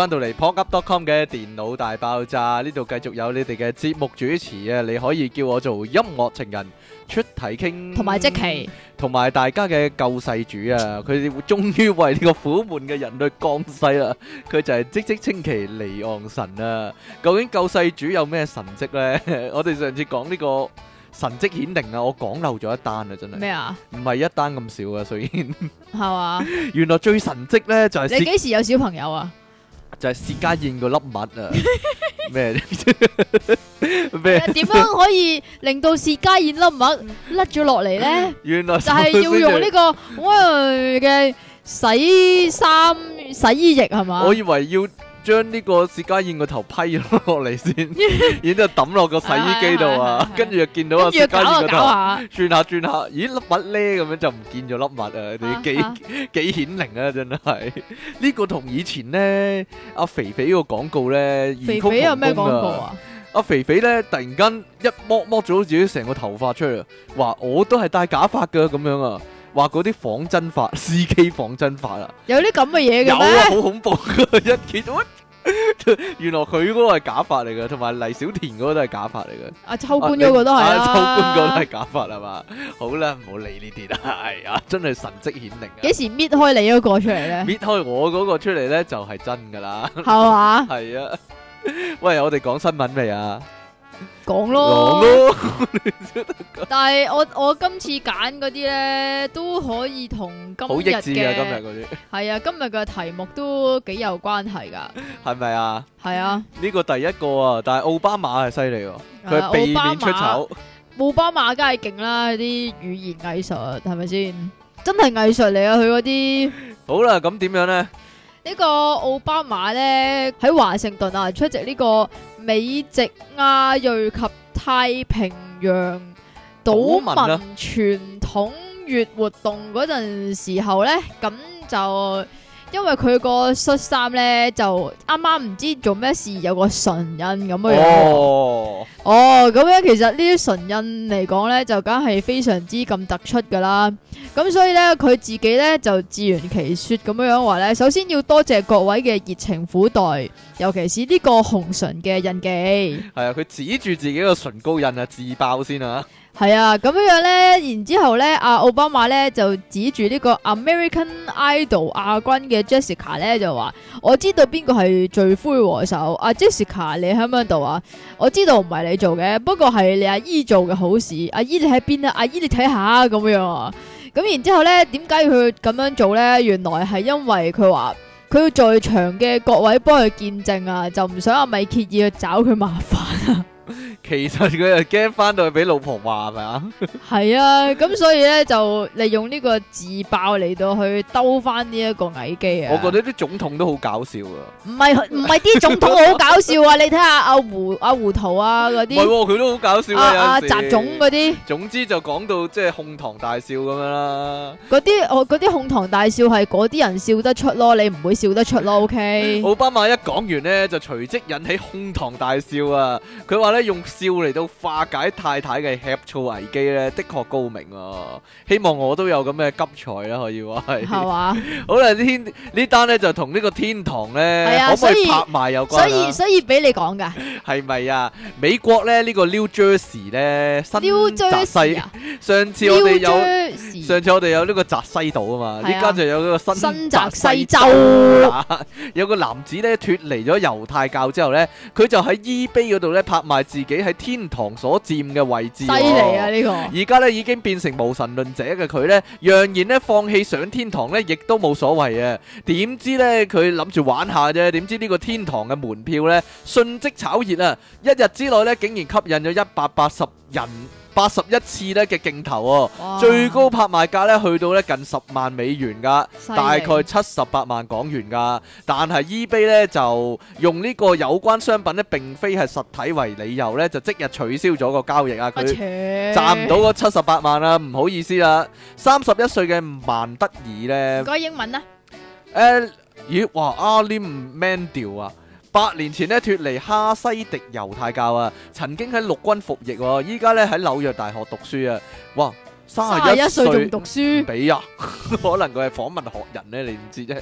翻到嚟 pocket.com 嘅電腦大爆炸，呢度繼續有你哋嘅節目主持啊，你可以叫我做音樂情人出體 king，同埋積淇，同埋大家嘅救世主啊！佢終於為呢個苦悶嘅人類降世啦！佢就係積積清奇離岸神啊！究竟救世主有咩神跡呢？ 我哋上次講呢個神跡顯靈啊，我講漏咗一單啊！真係咩啊？唔係一單咁少啊，雖然係嘛？原來最神跡呢就係你幾時有小朋友啊？就係薛家燕個粒物啊！咩咩點樣可以令到薛家燕粒物甩咗落嚟咧？ 原來就係要用呢、呢個嘅、 嗯、洗衫洗衣液係嘛？我以為要。將呢個薛家燕個頭批咗落嚟先， 然之後抌落個洗衣機度啊，跟住 又見到阿薛家燕個頭轉下轉下，咦粒物咧咁樣就唔見咗粒物啊！你幾幾顯靈啊，真係！呢個同以前咧阿、啊、肥肥個廣告咧有咩廣告啊！阿、啊、肥肥咧突然間一剝剝咗自己成個頭髮出嚟，話我都係戴假髮噶咁樣啊！話嗰啲仿真法司 K 仿真法啦、啊，有啲咁嘅嘢嘅咩？有啊，好恐怖嘅，一揭 原來佢嗰個係假髮嚟嘅，同埋黎小田嗰個都係假髮嚟嘅。啊，秋官嗰個都係啊，秋、啊、個都係假發係嘛？好啦，唔好理呢啲啦，哎呀，真係神蹟顯靈啊！幾時搣開你嗰個出嚟咧？搣開我嗰個出嚟咧就係、是、真噶啦，係嘛吧？係 啊，喂，我哋講新聞未啊？講咯，但係我我今次揀嗰啲咧都可以同今日嘅係啊，今日嘅題目都幾有關係噶，係咪啊？係啊，呢個第一個啊，但係奧巴馬係犀利喎，佢避免出醜，奧巴馬梗係勁啦，啲語言藝術係咪先？真係藝術嚟啊，佢嗰啲好啦，咁點樣咧？呢個奧巴馬咧喺華盛頓啊，出席呢個。美籍亞裔及太平洋島民傳統月活動嗰陣時候咧，咁就。因為佢個恤衫呢，就啱啱唔知做咩事有個唇印咁樣，樣哦，哦，哦，咁樣其實呢啲唇印嚟講呢，就梗係非常之咁突出噶啦，咁所以呢，佢自己呢，就自圓其說咁樣樣話呢，首先要多謝各位嘅熱情款待，尤其是呢個紅唇嘅印記，係啊，佢指住自己個唇膏印啊自爆先啊！係啊，咁樣樣咧，然之後咧，阿、啊、奧巴馬咧就指住呢個 American Idol 亞軍嘅 Jessica 咧就話，我知道邊個係罪魁禍首。阿、啊、Jessica 你喺邊度啊？我知道唔係你做嘅，不過係你阿姨做嘅好事，阿、啊、姨你喺邊啊？阿、啊、姨你睇下咁樣啊，咁然之後咧，點解要佢咁樣做咧？原來係因為佢話佢要在場嘅各位幫佢見證啊，就唔想阿米歇爾去找佢麻煩啊。 其實佢又驚翻到去俾老婆話係咪啊？咁所以咧就利用呢個自爆嚟,到去兜翻呢一個危機啊！ 我覺得啲總統都好搞笑啊！唔係唔係啲總統好搞笑啊！ 你睇下阿、啊、胡阿、啊、胡桃啊嗰啲，佢、 ouais, 都好搞笑啊！阿阿習總嗰啲， 總之就講到即係哄堂大笑咁樣啦。嗰啲哦，啲哄堂大笑係嗰啲人笑得出咯，你唔會笑得出咯。O K，奧巴馬一講完呢，就隨即引起哄堂大笑啊！佢話咧用。招嚟到化解太太嘅呷醋危機咧，的確高明啊，希望我都有咁嘅急才啦、啊，可以話係。係嘛吧？ 好啦，天呢單咧就同呢個天堂咧，啊、可唔可以拍賣有關、啊、所以所以俾你講噶係咪啊？美國咧呢、這個 New Jersey 咧新澤西啊， 上次我哋有上次我哋有呢個澤西島啊嘛，呢家、啊、就有呢個新澤西州啊， 有個男子咧脫離咗猶太教之後咧，佢就喺 eBay 嗰度咧拍賣自己係。天堂所佔嘅位置，犀利啊！呢個而家咧已經變成無神論者嘅佢咧，揚言咧放棄上天堂咧，亦都冇所謂啊！點知咧佢諗住玩下啫，點知呢個天堂嘅門票咧瞬即炒熱啊！一日之內咧，竟然吸引咗一百八十人。八十一次咧嘅鏡頭喎，哇最高拍賣價咧去到咧近十萬美元噶，害大概七十八萬港元噶。但係 EBay 咧就用呢個有關商品咧並非係實體為理由咧，就即日取消咗個交易啊歹！佢賺唔到個七十八萬啊，唔好意思啊。三十一歲嘅曼德爾咧，講英文啦。誒、欸，咦？哇！阿 Lim Mandel 啊！八年前呢脫離哈西迪猶太教啊，曾經喺陸軍服役，依家咧喺紐約大學讀書啊，哇！三十一歲仲唔讀書？俾啊，可能佢係訪問學人呢，你唔知啫。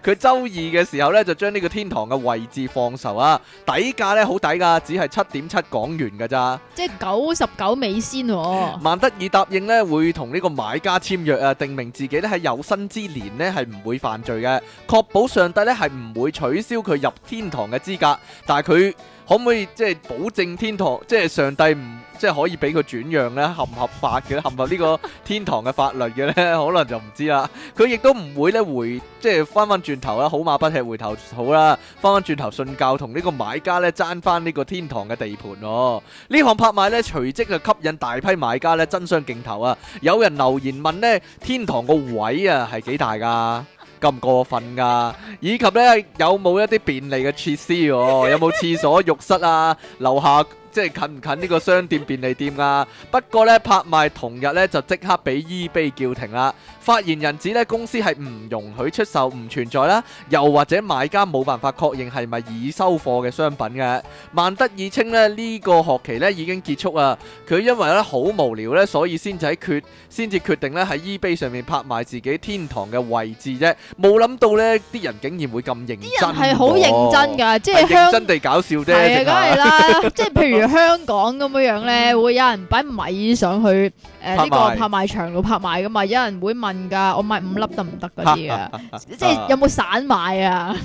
佢周二嘅時候呢，就將呢個天堂嘅位置放售啊，底價呢，好抵噶，只係七點七港元噶咋。即係九十九美仙，哦。萬德爾答應呢，會同呢個買家簽約啊，定明自己呢喺有生之年呢係唔會犯罪嘅，確保上帝呢係唔會取消佢入天堂嘅資格。但係佢。可唔可以即係保證天堂即係上帝唔即係可以俾佢轉讓咧合唔合法嘅合唔合呢個天堂嘅法律嘅咧可能就唔知啦。佢亦都唔會咧回即係翻翻轉頭啦，好馬不吃回頭草啦，翻翻轉頭信教同呢個買家咧爭翻呢個天堂嘅地盤、哦。呢項拍賣咧隨即就吸引大批買家咧爭相競投啊！有人留言問咧天堂個位啊係幾大噶？咁過分㗎，以及呢，有冇一啲便利嘅設施喎？有冇廁所、浴室啊？樓下。即係近唔近呢個商店便利店啊？不過呢，拍賣同日呢就即刻俾 eBay 叫停啦。發言人指呢公司係唔容許出售唔存在啦，又或者買家冇辦法確認係咪已收貨嘅商品嘅。萬德爾稱呢，呢、呢個學期呢已經結束啊，佢因為咧好無聊呢，所以先至決先至決定呢喺 eBay 上面拍賣自己天堂嘅位置啫。冇諗到呢啲人竟然會咁認真，啊，啲人係好認真㗎，即係認真地搞笑啫。係香啊，梗係啦，即係 譬如。香港咁樣樣咧，會有人擺米上去誒呢個拍賣場度拍賣噶嘛？有人會問噶，我買五粒得唔得嗰啲啊？即係有冇散買啊？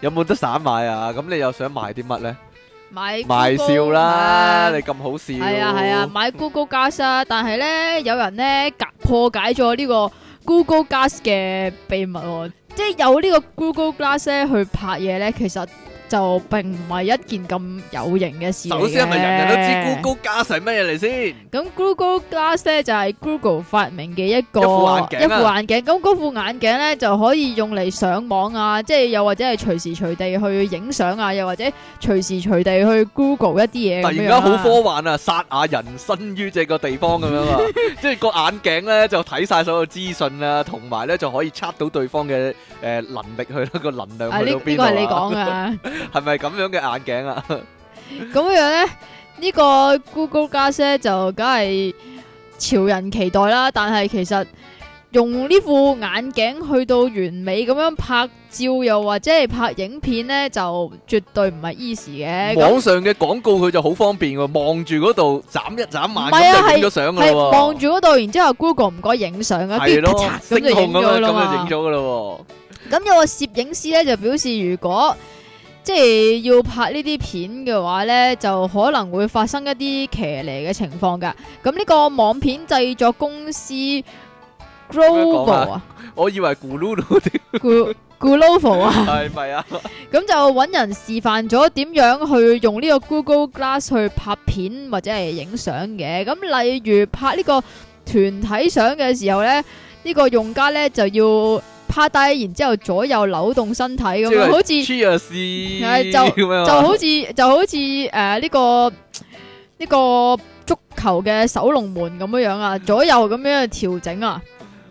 有冇得散買啊？咁你又想買啲乜咧？買賣笑啦！你咁好笑係啊係啊！買 Google Glass，但係咧有人咧解破解咗呢個 Google Glass 嘅秘密，即係有呢個 Google Glass 去拍嘢咧，其實就並唔係一件咁有型嘅事。首先係咪人人都知 Google Glass 係咩嚟先？咁 Google Glass 咧就係、是、Google 發明嘅一個一副眼鏡咁、啊、嗰副眼鏡咧、那個、就可以用嚟上網啊，即係又或者係隨時隨地去影相啊，又或者隨時隨地去 Google 一啲嘢。但係而家好科幻啊！ 殺啊人身於呢個地方咁樣啊！ 即係個眼鏡咧就睇晒所有資訊啊，同埋咧就可以測到對方嘅誒能力去一個能量去到邊度你講啊！啊 係咪咁樣嘅眼鏡啊？咁 樣咧，這個、呢個 Google Glass 就梗係潮人期待啦。但係其實用呢副眼鏡去到完美咁樣拍照，又或者係拍影片咧，就絕對唔係 easy 嘅。網上嘅廣告佢就好方便嘅，望住嗰度，眨一眨眼就影咗相噶啦。係望住嗰度，然之後 Google 唔該影相啊，跟住咁就影咗啦嘛。咁就影咗噶啦。咁 有個攝影師咧就表示，如果即係要拍呢啲片嘅話呢，就可能會發生一啲騎呢嘅情況噶。咁呢個網片製作公司 Google 啊，我以為 Google 啊，係咪啊？咁就揾人示範咗點樣去用呢個 Google Glass 去拍片或者係影相嘅。咁例如拍呢個團體相嘅時候呢，呢、呢個用家呢，就要。趴低，然之後左右扭動身體咁樣，好似係就就好似就好似誒呢個呢個足球嘅守龍門咁樣樣啊，左右咁樣去調整啊。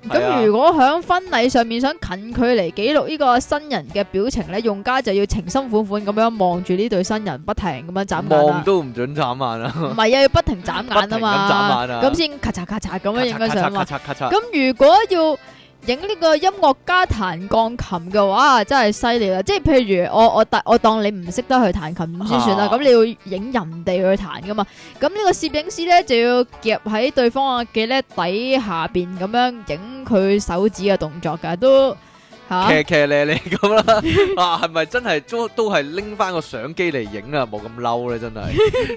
咁如果喺婚禮上面想近距離記錄呢個新人嘅表情咧，用家就要情深款款咁樣望住呢對新人，不停咁樣眨眼，望都唔准眨眼啊！唔係啊，要不停眨眼啊嘛，咁眨眼啊，咁先咔嚓咔嚓咁樣影個相啊。咁如果要影呢個音樂家彈鋼琴嘅話，真係犀利啦！即係譬如我我我當你唔識得去彈琴先算啦，咁、啊、你要影人哋去彈㗎嘛？咁呢個攝影師咧就要夾喺對方嘅咧底下邊咁樣影佢手指嘅動作㗎都。騎騎咧咧咁啦，啊係咪真係都都係拎翻個相機嚟影啊？冇咁嬲咧，真係，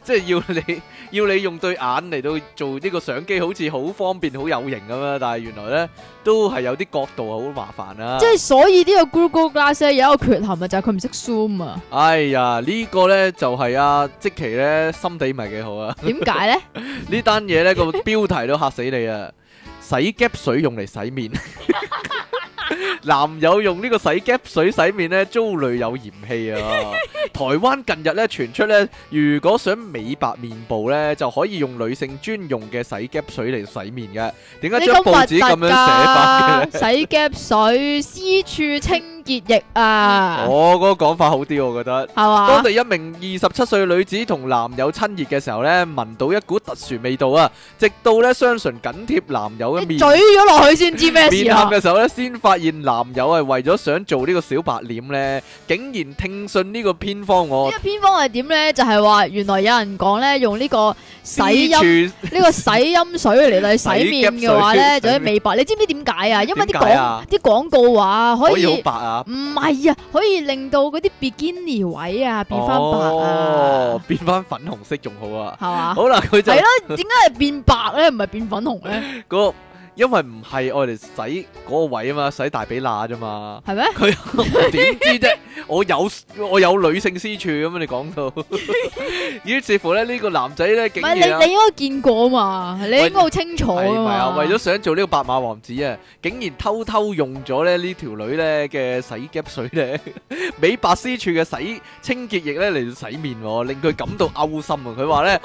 即係要你要你用對眼嚟到做呢個相機，好似好方便好有型咁樣。但係原來咧都係有啲角度啊，好麻煩啊！即係所以呢個 Google Glass 咧有一個缺陷啊，就係佢唔識 zoom 啊！哎呀，呢個咧就係阿積淇咧心地唔係幾好啊？點解咧？呢單嘢咧個標題都吓死你啊！洗 Gap 水用嚟洗面。男友用呢個洗 Gap 水洗面呢，遭女友嫌棄啊！台灣近日咧傳出咧，如果想美白面部呢，就可以用女性專用嘅洗 Gap 水嚟洗面嘅。點解張報紙咁樣寫法嘅？洗 Gap 水私處清。 熱液啊！我嗰個講法好啲，我覺得。係嘛？當地一名二十七歲女子同男友親熱嘅時候咧，聞到一股特殊味道啊！直到咧雙唇緊貼男友嘅面，嘴咗落去先知咩事。面喊嘅時候咧，先發現男友係為咗想做呢個小白臉咧，竟然聽信呢個偏方喎。呢個偏方係點咧？就係話原來有人講咧，用呢個洗呢個洗陰水嚟到洗面嘅話咧，就啲美白。你知唔知點解啊？因為啲廣啲廣告話可以美白啊！唔係白啊，可以令到嗰啲比堅尼位啊變翻白啊，哦、變翻粉紅色仲好。吧 好啊，係嘛？好啦，佢就係咯，點解係變白咧？唔係 變粉紅咧？哥。因為唔係我哋洗嗰個位啊嘛，洗大髀罅啫嘛。係咩？佢點知啫？我有我有女性私處咁樣你講到，於是乎咧，呢個男仔咧，竟然唔係你，你應該見過嘛，你應該好清楚啊嘛。係啊，為咗想做呢個白馬王子啊，竟然偷偷用咗咧，呢條女咧嘅洗 Gap 水咧，美白私處嘅洗清潔液咧，嚟到洗面，令佢感到嘔心啊！佢話咧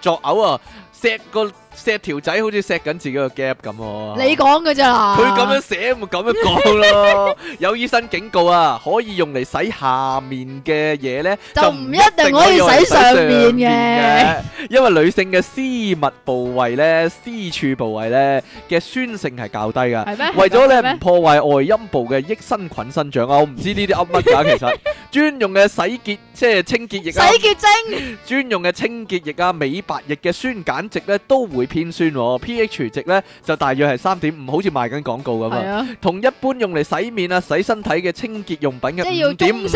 作嘔啊，錫個。錫條仔好似錫緊自己個 gap 咁喎，你講噶咋？佢咁樣寫咪咁樣講咯。有醫生警告啊，可以用嚟洗下面嘅嘢咧，就唔一定可以用嚟洗上面嘅。因為女性嘅私密部位咧、私處部位咧嘅酸性係較低噶。係咩？為咗咧唔破壞外陰部嘅益生菌生長啊！我唔知呢啲噏乜噶，其實專用嘅洗潔，即係清潔液啊、洗潔精專用嘅清潔液啊、美白液嘅酸鹼值咧都會。偏酸，pH 值咧就大約係三點五，好似賣緊廣告咁啊。同一般用嚟洗面啊、洗身體嘅清潔用品嘅五點五咧，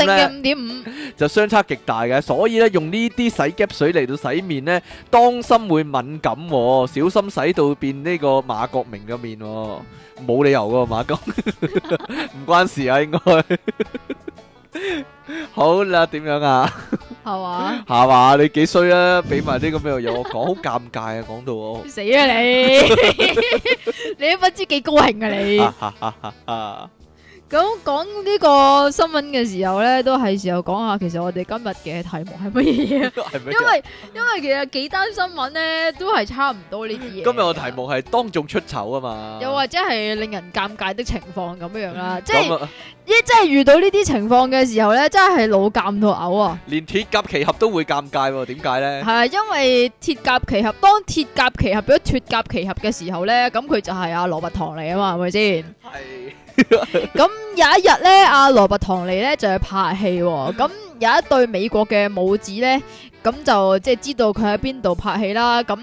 就相差極大嘅。所以咧，用呢啲洗腳水嚟到洗面咧，當心會敏感，小心洗到變呢個馬國明嘅面，冇理由噶馬國明，唔關事啊，應該。好啦，點樣啊？係嘛？ 你幾衰啊！俾埋啲咁嘅嘢我講，好尷 尬啊！講到我死啊你！ 你你都不知幾高興啊！你。 咁講呢個新聞嘅時候咧，都係時候講下，其實我哋今日嘅題目係乜嘢？因為因為其實幾單新聞咧都係差唔多呢啲嘢。今日個題目係當眾出醜啊嘛，又或者係令人尷尬的情況咁樣啦。即係一真係遇到呢啲情況嘅時候咧，真係老尷到嘔啊！連鐵甲奇俠都會尷尬，點解咧？係因為鐵甲奇俠當鐵甲奇俠變咗脱甲奇俠嘅時候咧，咁佢就係阿羅拔唐嚟啊嘛，係咪先？係。咁 有一日咧，阿羅伯唐尼咧就去拍戲喎、哦。咁有一對美國嘅母子咧，咁就即係知道佢喺邊度拍戲啦。咁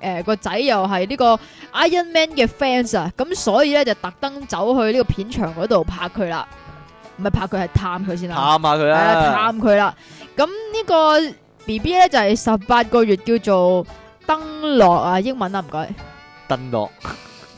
誒個仔又係呢個 Iron Man 嘅 fans 啊。咁所以咧就特登走去呢個片場嗰度拍佢啦。唔係拍佢，係探佢先啦。探下佢啦，啦，探佢啦。咁呢個 B B 咧就係十八個月，叫做登樂啊，英文啊唔該，登樂。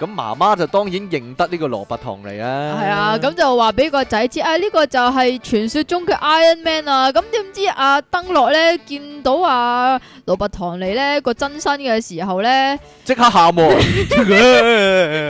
咁媽媽就當然認得呢個羅拔唐尼啊！係啊，咁就話俾個仔知啊，呢個就係傳說中嘅 Iron Man 啊！咁點知阿登樂咧見到阿羅拔唐尼咧個真身嘅時候咧，即刻喊喎，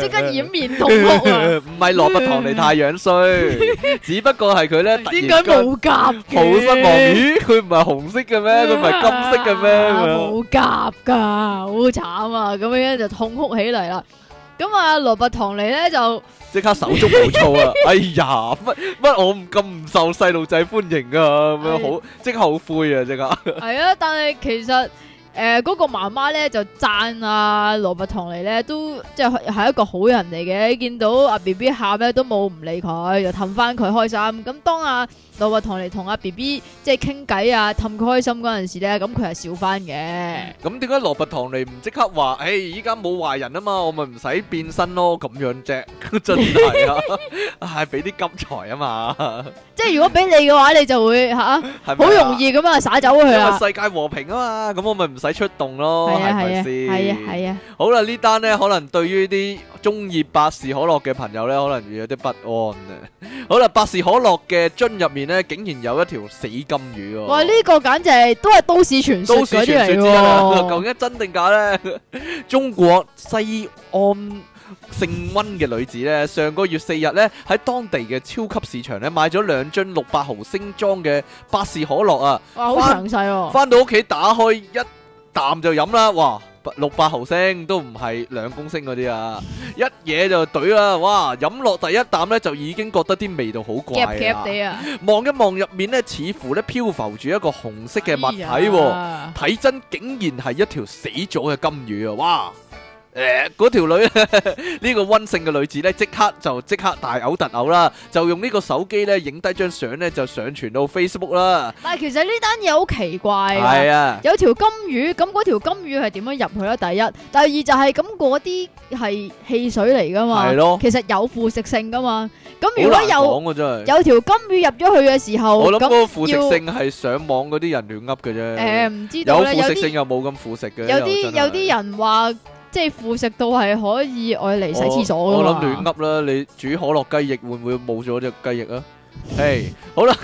即刻掩面痛哭啊！唔係羅拔唐尼太樣衰，只不過係佢咧突然間冇甲嘅，好失望，咦，佢唔係紅色嘅咩？佢唔係金色嘅咩？冇甲㗎，好慘啊！咁樣就痛哭起嚟啦～咁啊！羅拔唐尼咧就即刻手足無措啦！ 哎呀，乜乜我咁唔受細路仔歡迎啊！咁樣好即刻後悔啊！即刻係啊！但係其實誒，嗰個媽媽咧就讚啊，羅拔唐尼咧都即係係一個好人嚟嘅，見到阿 B B 喊咧都冇唔理佢，又氹翻佢開心。咁當啊～羅拔唐尼同阿 B B 即係傾偈啊，氹佢開心嗰陣時咧，咁佢係笑翻嘅。咁點解羅拔唐尼唔即刻話？誒，依家冇壞人啊嘛，我咪唔使變身咯，咁樣啫，真係啊，係俾啲金財啊嘛。即係如果俾你嘅話，你就會吓，好容易咁啊，灑走佢啊。世界和平啊嘛，咁我咪唔使出動咯，係咪先？係啊係啊。好啦，呢單咧，可能對於啲中意百事可樂嘅朋友咧，可能要有啲不安啊。好啦，百事可樂嘅樽入面。竟然有一條死金魚喎、啊！喂，呢、這個簡直都係都市傳說嗰啲、啊、 究竟真定假呢？ 中國西安姓温嘅女子呢，上個月四日呢，喺當地嘅超級市場呢買咗兩樽六百毫升裝嘅百事可樂啊！哇詳細啊，好詳細！翻到屋企打開一啖就飲啦，哇！六百毫升都唔係兩公升嗰啲啊， 一嘢就懟啦！哇，飲落第一啖呢，就已經覺得啲味道好怪啊！望一望入面呢，似乎呢漂浮住一個紅色嘅物體，睇、哎呀哦、真竟然係一條死咗嘅金魚啊！哇！誒，嗰條、欸、女呢、這個溫性嘅女子咧，即刻就即刻大嘔特嘔啦，就用呢個手機咧影低張相咧，就上傳到 Facebook 啦。但係其實呢單嘢好奇怪，係啊，有條金魚，咁嗰條金魚係點樣入去咧？第一，第二就係咁嗰啲係汽水嚟噶嘛，係對咯，其實有腐蝕性噶嘛。我諗講嘅真係。有條金魚入咗去嘅時候，我諗嗰個腐蝕性係要上網嗰啲人亂噏嘅啫。誒、呃，唔知道咧，有啲有啲人話。即係腐蝕到係可以愛嚟洗廁所噶嘛？我諗亂噏啦，你煮可樂雞翼會唔會冇咗隻雞翼啊？誒，好啦，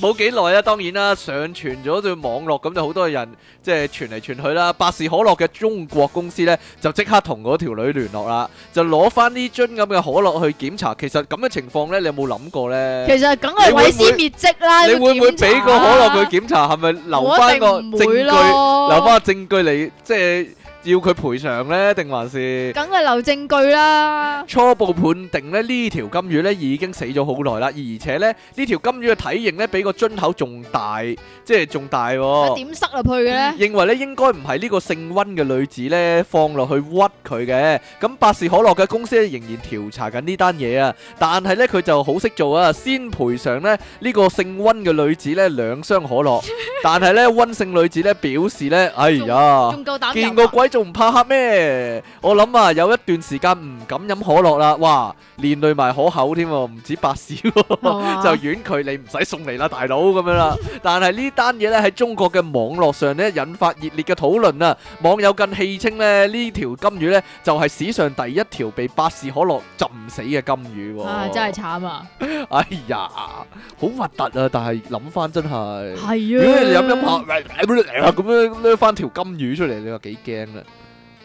冇幾耐啦，當然啦，上傳咗對網絡咁就好多人即係傳嚟傳去啦。百事可樂嘅中國公司咧就即刻同嗰條女聯絡啦，就攞翻呢樽咁嘅可樂去檢查。其實咁嘅情況咧，你有冇諗過咧？其實梗係毀屍滅跡啦！你會唔會俾個可樂去檢查？係咪留翻個證據？留翻個證據嚟即係？要佢賠償咧，定還是？梗係留證據啦。初步判定咧，呢條金魚咧已經死咗好耐啦，而且咧呢條金魚嘅體型咧比個樽口仲大，即係仲大喎。點塞落去嘅咧？認為咧應該唔係呢個姓温嘅女子咧放落去屈佢嘅。咁百事可樂嘅公司仍然調查緊呢單嘢啊，但係咧佢就好識做啊，先賠償咧呢個姓温嘅女子咧兩箱可樂。但係咧温姓女子咧表示咧，哎呀，見過鬼！仲唔怕黑咩？我諗啊，有一段時間唔敢飲可樂啦。哇，連累埋可口添，唔止百事，就怨佢你唔使送嚟啦，大佬咁樣啦。但係呢單嘢呢喺中國嘅網絡上呢引發熱烈嘅討論啊！網友更戲稱呢呢條金魚呢就係史上第一條被百事可樂浸死嘅金魚。啊，真係慘啊！哎呀，好核突啊！但係諗翻真係，如果你飲飲下咁樣攞翻條金魚出嚟，你話幾驚啊？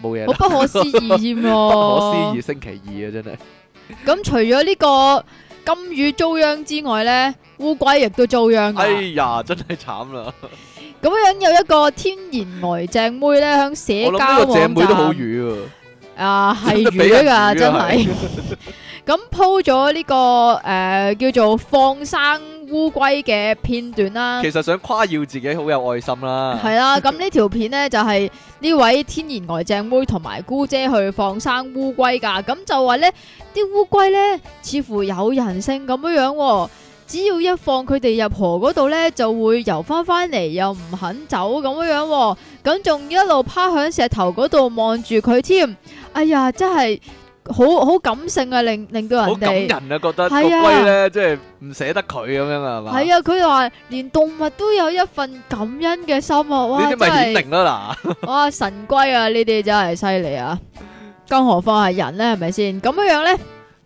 冇嘢，好不可思議添，不可思議星期二啊，真係。咁除咗呢個金魚遭殃之外咧，烏龜亦都遭殃。哎呀，真係慘啦！咁樣有一個天然呆正妹咧，響社交正妹都好魚啊，啊係魚噶真係。咁 po 咗呢個誒叫做放生。烏龜嘅片段啦，其實想誇耀自己好有愛心啦。係啦 、啊，咁呢條片呢，就係、是、呢位天然呆正妹同埋姑姐去放生烏龜噶，咁就話呢啲烏龜呢，似乎有人性咁樣樣，只要一放佢哋入河嗰度呢，就會游翻翻嚟，又唔肯走咁樣樣，咁仲一路趴響石頭嗰度望住佢添。哎呀，真係～好好感性啊，令令到人哋好感人啊，覺得個龜咧，即係唔捨得佢咁樣啊嘛。係啊，佢話、啊、連動物都有一份感恩嘅心啊！哇，呢啲咪顯靈啦嗱， 哇神龜啊，呢啲真係犀利啊， 更何況係人咧，係咪先咁樣樣咧？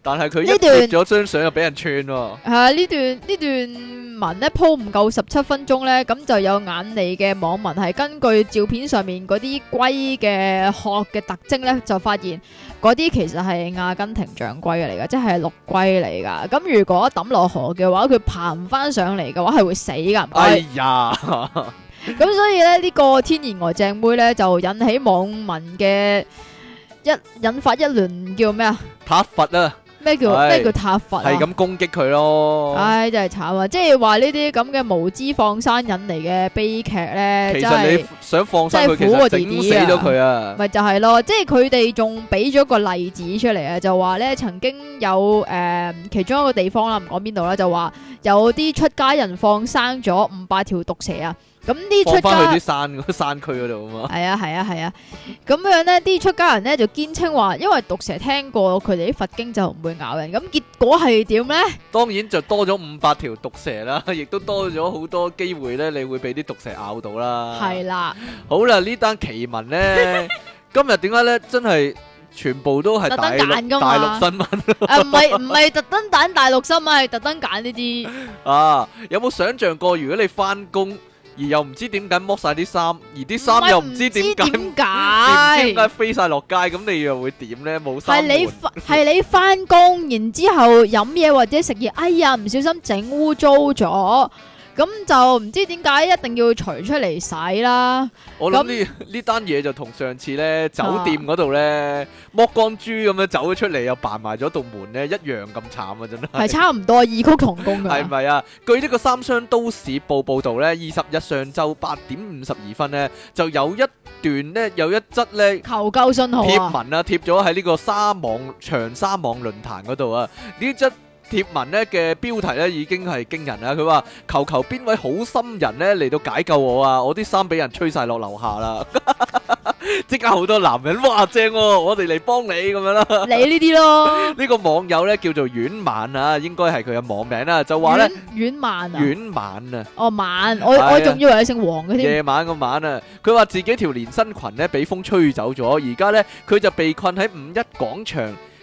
但係佢一貼咗張相又俾人串喎，係呢段，呢段文咧，鋪唔夠十七分鐘咧，咁就有眼利嘅網民係根據照片上面嗰啲龜嘅殼嘅特徵咧，就發現嗰啲其實係阿根廷象龜嚟噶，即係陸龜嚟噶。咁如果抌落河嘅話，佢爬唔翻上嚟嘅話係會死噶。哎呀，咁所以咧，呢個天然呆正妹咧就引起網民嘅一，引發一輪叫咩啊？塔佛啊！咩叫咩、哎、叫塔佛啊？係咁攻擊佢咯！唉、哎，真係慘啊！即係話呢啲咁嘅無知放生引嚟嘅悲劇咧，其實你想放生佢，真係苦我自己啊！咪、啊、就係咯，即係佢哋仲俾咗個例子出嚟啊，就話咧曾經有誒、呃、其中一個地方啦，唔講邊度啦，就話有啲出家人放生咗五百條毒蛇啊！咁啲出翻去啲山嗰個山區嗰度啊嘛，係啊係啊係啊，咁樣咧啲出家人咧就堅稱話，因為毒蛇聽過佢哋啲佛經就唔會咬人，咁結果係點咧？當然就多咗五百條毒蛇啦，亦都多咗好多機會咧，你會俾啲毒蛇咬到啦。係啦，好啦，呢單奇聞咧，今日點解咧真係全部都係特登揀噶嘛？大陸新聞啊，唔係唔係特登揀大陸新聞，係特登揀呢啲啊？有冇想象過如果你翻工？而又唔知點解剝晒啲衫，而啲衫又唔知點解點解飛晒落街，咁你又會點咧？冇衫換。係你翻，係你翻工，然之後飲嘢或者食嘢，哎呀，唔小心整污糟咗。咁就唔知點解一定要除出嚟洗啦。我諗呢呢單嘢就同上次咧酒店嗰度呢，剝是、啊、光豬咁樣走咗出嚟，又扮埋咗道門咧，一樣咁慘啊！真係係差唔多，異曲同工噶。係咪啊？據呢個《三湘都市報》報道呢，二十日上晝八點五十二分呢，就有一段呢，有一則呢，求救信號貼文啊，貼咗喺呢個沙網長沙網論壇嗰度啊，呢則。帖文咧嘅標題咧已經係驚人啦！佢話求求邊位好心人咧嚟到解救我啊！我啲衫俾人吹晒落樓下啦！即 刻好多男人，哇正、啊！我哋嚟幫你咁樣啦、啊。你呢啲咯？呢 個網友咧叫做阮晚啊，應該係佢嘅網名啦，就話呢，阮晚啊，阮晚啊。哦，晚，我、啊、我仲以為你姓黃嘅、啊、添。夜晚嘅晚啊！佢話自己條連身裙咧俾風吹走咗，而家呢，佢就被困喺五一廣場。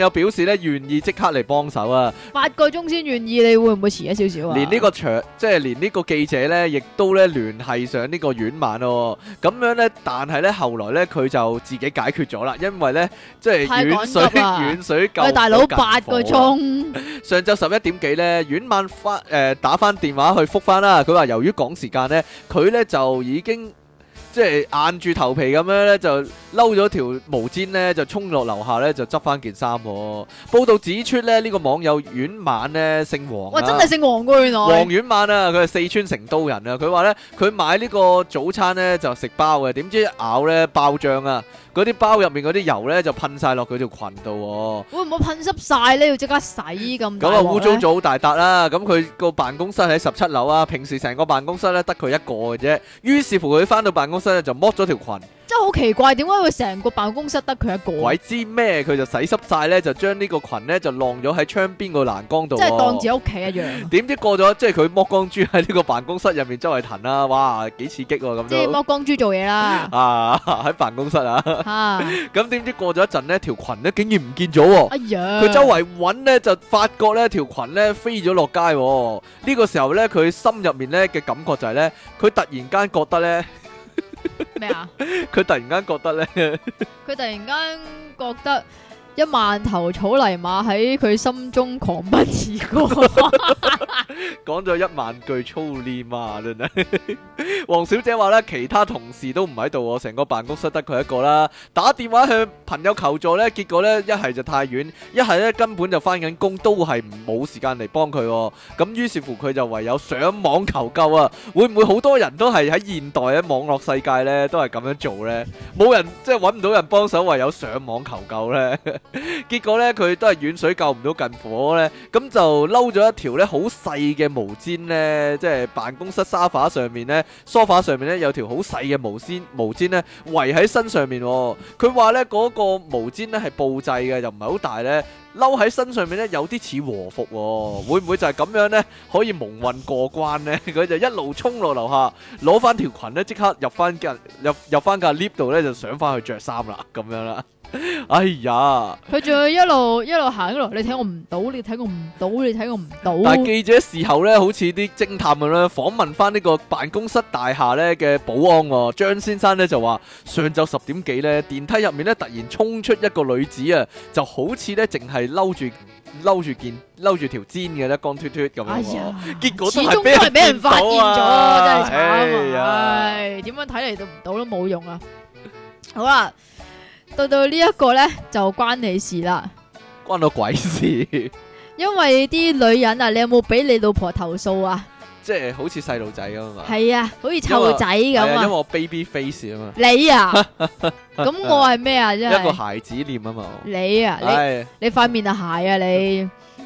有表示咧，願意即刻嚟幫手啊！八個鐘先願意，你會唔會遲一少少啊？連呢個長，即係連呢個記者咧，亦都咧聯繫上個、啊、呢個遠萬喎。咁樣咧，但係咧，後來咧，佢就自己解決咗啦。因為咧，即係遠水、啊、遠水救，喂大佬八個鐘。 上晝十一點幾咧，遠萬翻誒打翻電話去覆翻啦。佢話由於趕時間咧，佢咧就已經。即係硬住頭皮咁樣咧，就嬲咗條毛氈咧，就衝落樓下咧，就執翻件衫。報道指出咧，呢個網友袁晚咧姓黃啊。哇！真係姓黃㗎。原來。黃遠晚啊，佢係四川成都人啊。佢話咧，佢買呢個早餐咧就食包嘅，點知一咬咧爆漿啊！嗰啲包入面嗰啲油咧就噴晒落佢條裙度。會唔會噴濕晒咧？要即刻洗咁。咁啊污糟咗好大笪啦！咁佢個辦公室喺十七樓啊，平時成個辦公室咧得佢一個嘅啫。於是乎佢翻到辦公室。就剝咗條裙，真係好奇怪，點解會成個辦公室得佢一個？鬼知咩？佢就洗濕晒咧，就將呢個裙咧就晾咗喺窗邊個欄桿度，即係當自己屋企一樣。點知過咗，即係佢剝光珠喺呢個辦公室入面周圍騰啦，哇幾刺激咁、啊、啫！即係剝光珠做嘢啦，啊喺 辦公室啊，咁點 知過咗一陣呢條裙咧竟然唔見咗喎、啊，佢周圍揾呢，就發覺呢條裙咧飛咗落街呢，呢個時候咧，佢心入面咧嘅感覺就係、是、咧，佢突然間覺得咧。咩啊？佢 突然間覺得咧，佢突然間覺得。一萬頭草泥馬喺佢心中狂奔而過 ， 講咗一萬句粗獷嘛，真係。黃小姐話咧，其他同事都唔喺度喎，成個辦公室得佢一個啦。打電話向朋友求助咧，結果咧，一係就太遠，一係咧，根本就返緊工，都係冇時間嚟幫佢。咁於是乎佢就唯有上網求救啊！會唔會好多人都係喺現代嘅網絡世界咧都係咁樣做咧？冇人即係揾唔到人幫手，唯有上網求救咧？ 結果咧，佢都係遠水救唔到近火咧，咁就嬲咗一條咧好細嘅毛氈咧，即係辦公室沙發上面咧，沙發上面咧有條好細嘅毛氈，毛氈咧圍喺身上面。佢話咧嗰個毛氈咧係布製嘅，又唔係好大咧，嬲喺身上面咧有啲似和服，會唔會就係咁樣咧可以蒙混過關咧？佢就一路衝落樓下，攞翻條裙咧即刻入翻架入入翻架 lift 度咧就想翻去着衫啦，咁樣啦。.哎呀！佢仲要一路一路行一路，你睇我唔到，你睇我唔到，你睇我唔到。 但係記者事後咧，好似啲偵探咁樣訪問翻呢個辦公室大廈咧嘅保安哦，張先生咧就話：上晝十點幾咧，電梯入面咧突然衝出一個女子啊，就好似咧淨係嬲住摟住件嬲住條氈嘅咧，光脫脫咁樣。哎呀！結果都係俾人，、啊、人發現咗，真係慘啊！唉，點、哎呀哎、樣睇嚟都唔到都冇用啊！好啦。到到呢一個咧，就關你事啦，關到我鬼事 。因為啲女人啊，你有冇俾你老婆投訴啊？即係好似細路仔咁啊嘛？係啊，好似臭仔咁啊，啊、啊。因為我 baby face 啊嘛。你啊，咁 我係咩啊？ 即係一個孩子念啊嘛。你啊，你你塊面係鞋啊你。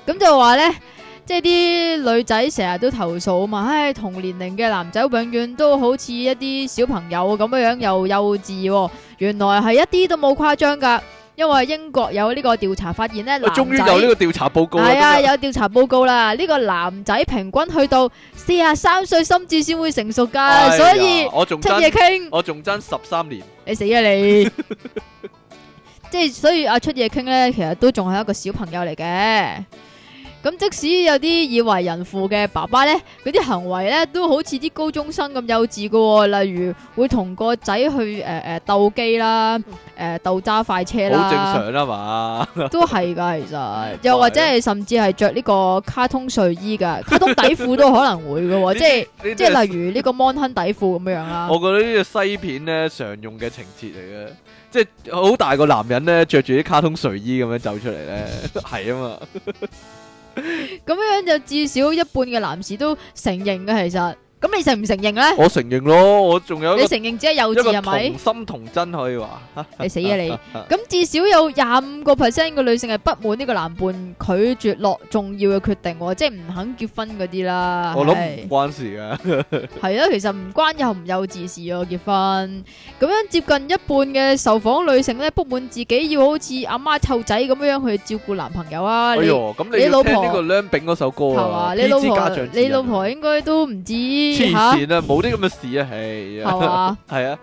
咁、啊、 就話咧，即係啲女仔成日都投訴啊嘛。唉，同年齡嘅男仔永遠都好似一啲小朋友咁樣樣，又幼稚、哦。原來係一啲都冇誇張噶，因為英國有呢個調查發現呢、哎、男仔終於有呢個調查報告，係啊有調查報告啦，呢、這個男仔平均去到四啊三歲，心智先會成熟噶，所以我仲出夜傾，我仲爭十三年，你死啊你！即係所以阿出夜傾呢，其實都仲係一個小朋友嚟嘅。咁即使有啲以為人父嘅爸爸咧，嗰啲行為咧都好似啲高中生咁幼稚噶、哦，例如會同個仔去誒誒、呃呃、鬥機啦、誒、呃、鬥揸快車啦，好正常啊嘛，都係噶，其實又 或者係甚至係着呢個卡通睡衣噶， 卡通底褲都可能會噶喎、哦， 即係 即係例如呢個 Mon 底褲咁樣啦。 我覺得呢個西片咧常用嘅情節嚟嘅，即係好大個男人咧着住啲卡通睡衣咁樣走出嚟咧，係啊嘛。咁 樣就至少一半嘅男士都承認嘅，其實。咁你承唔承認咧？我承認咯，我仲有你承認只係幼稚係咪？童心童真可以話。你死啊你！咁至少有廿五個 percent 嘅女性係不滿呢個男伴拒絕落重要嘅決定，即係唔肯結婚嗰啲啦。我諗唔關事噶。係啊，其實唔關又唔幼稚事哦。結婚咁樣接近一半嘅受訪女性咧，不滿自己要好似阿媽湊仔咁樣去照顧男朋友啊。哎呀，咁你要聽呢個《Learn Bing》嗰首歌啊？啲家長，你老婆應該都唔知。黐線啦，冇啲咁嘅事啊，係啊，係下 啊。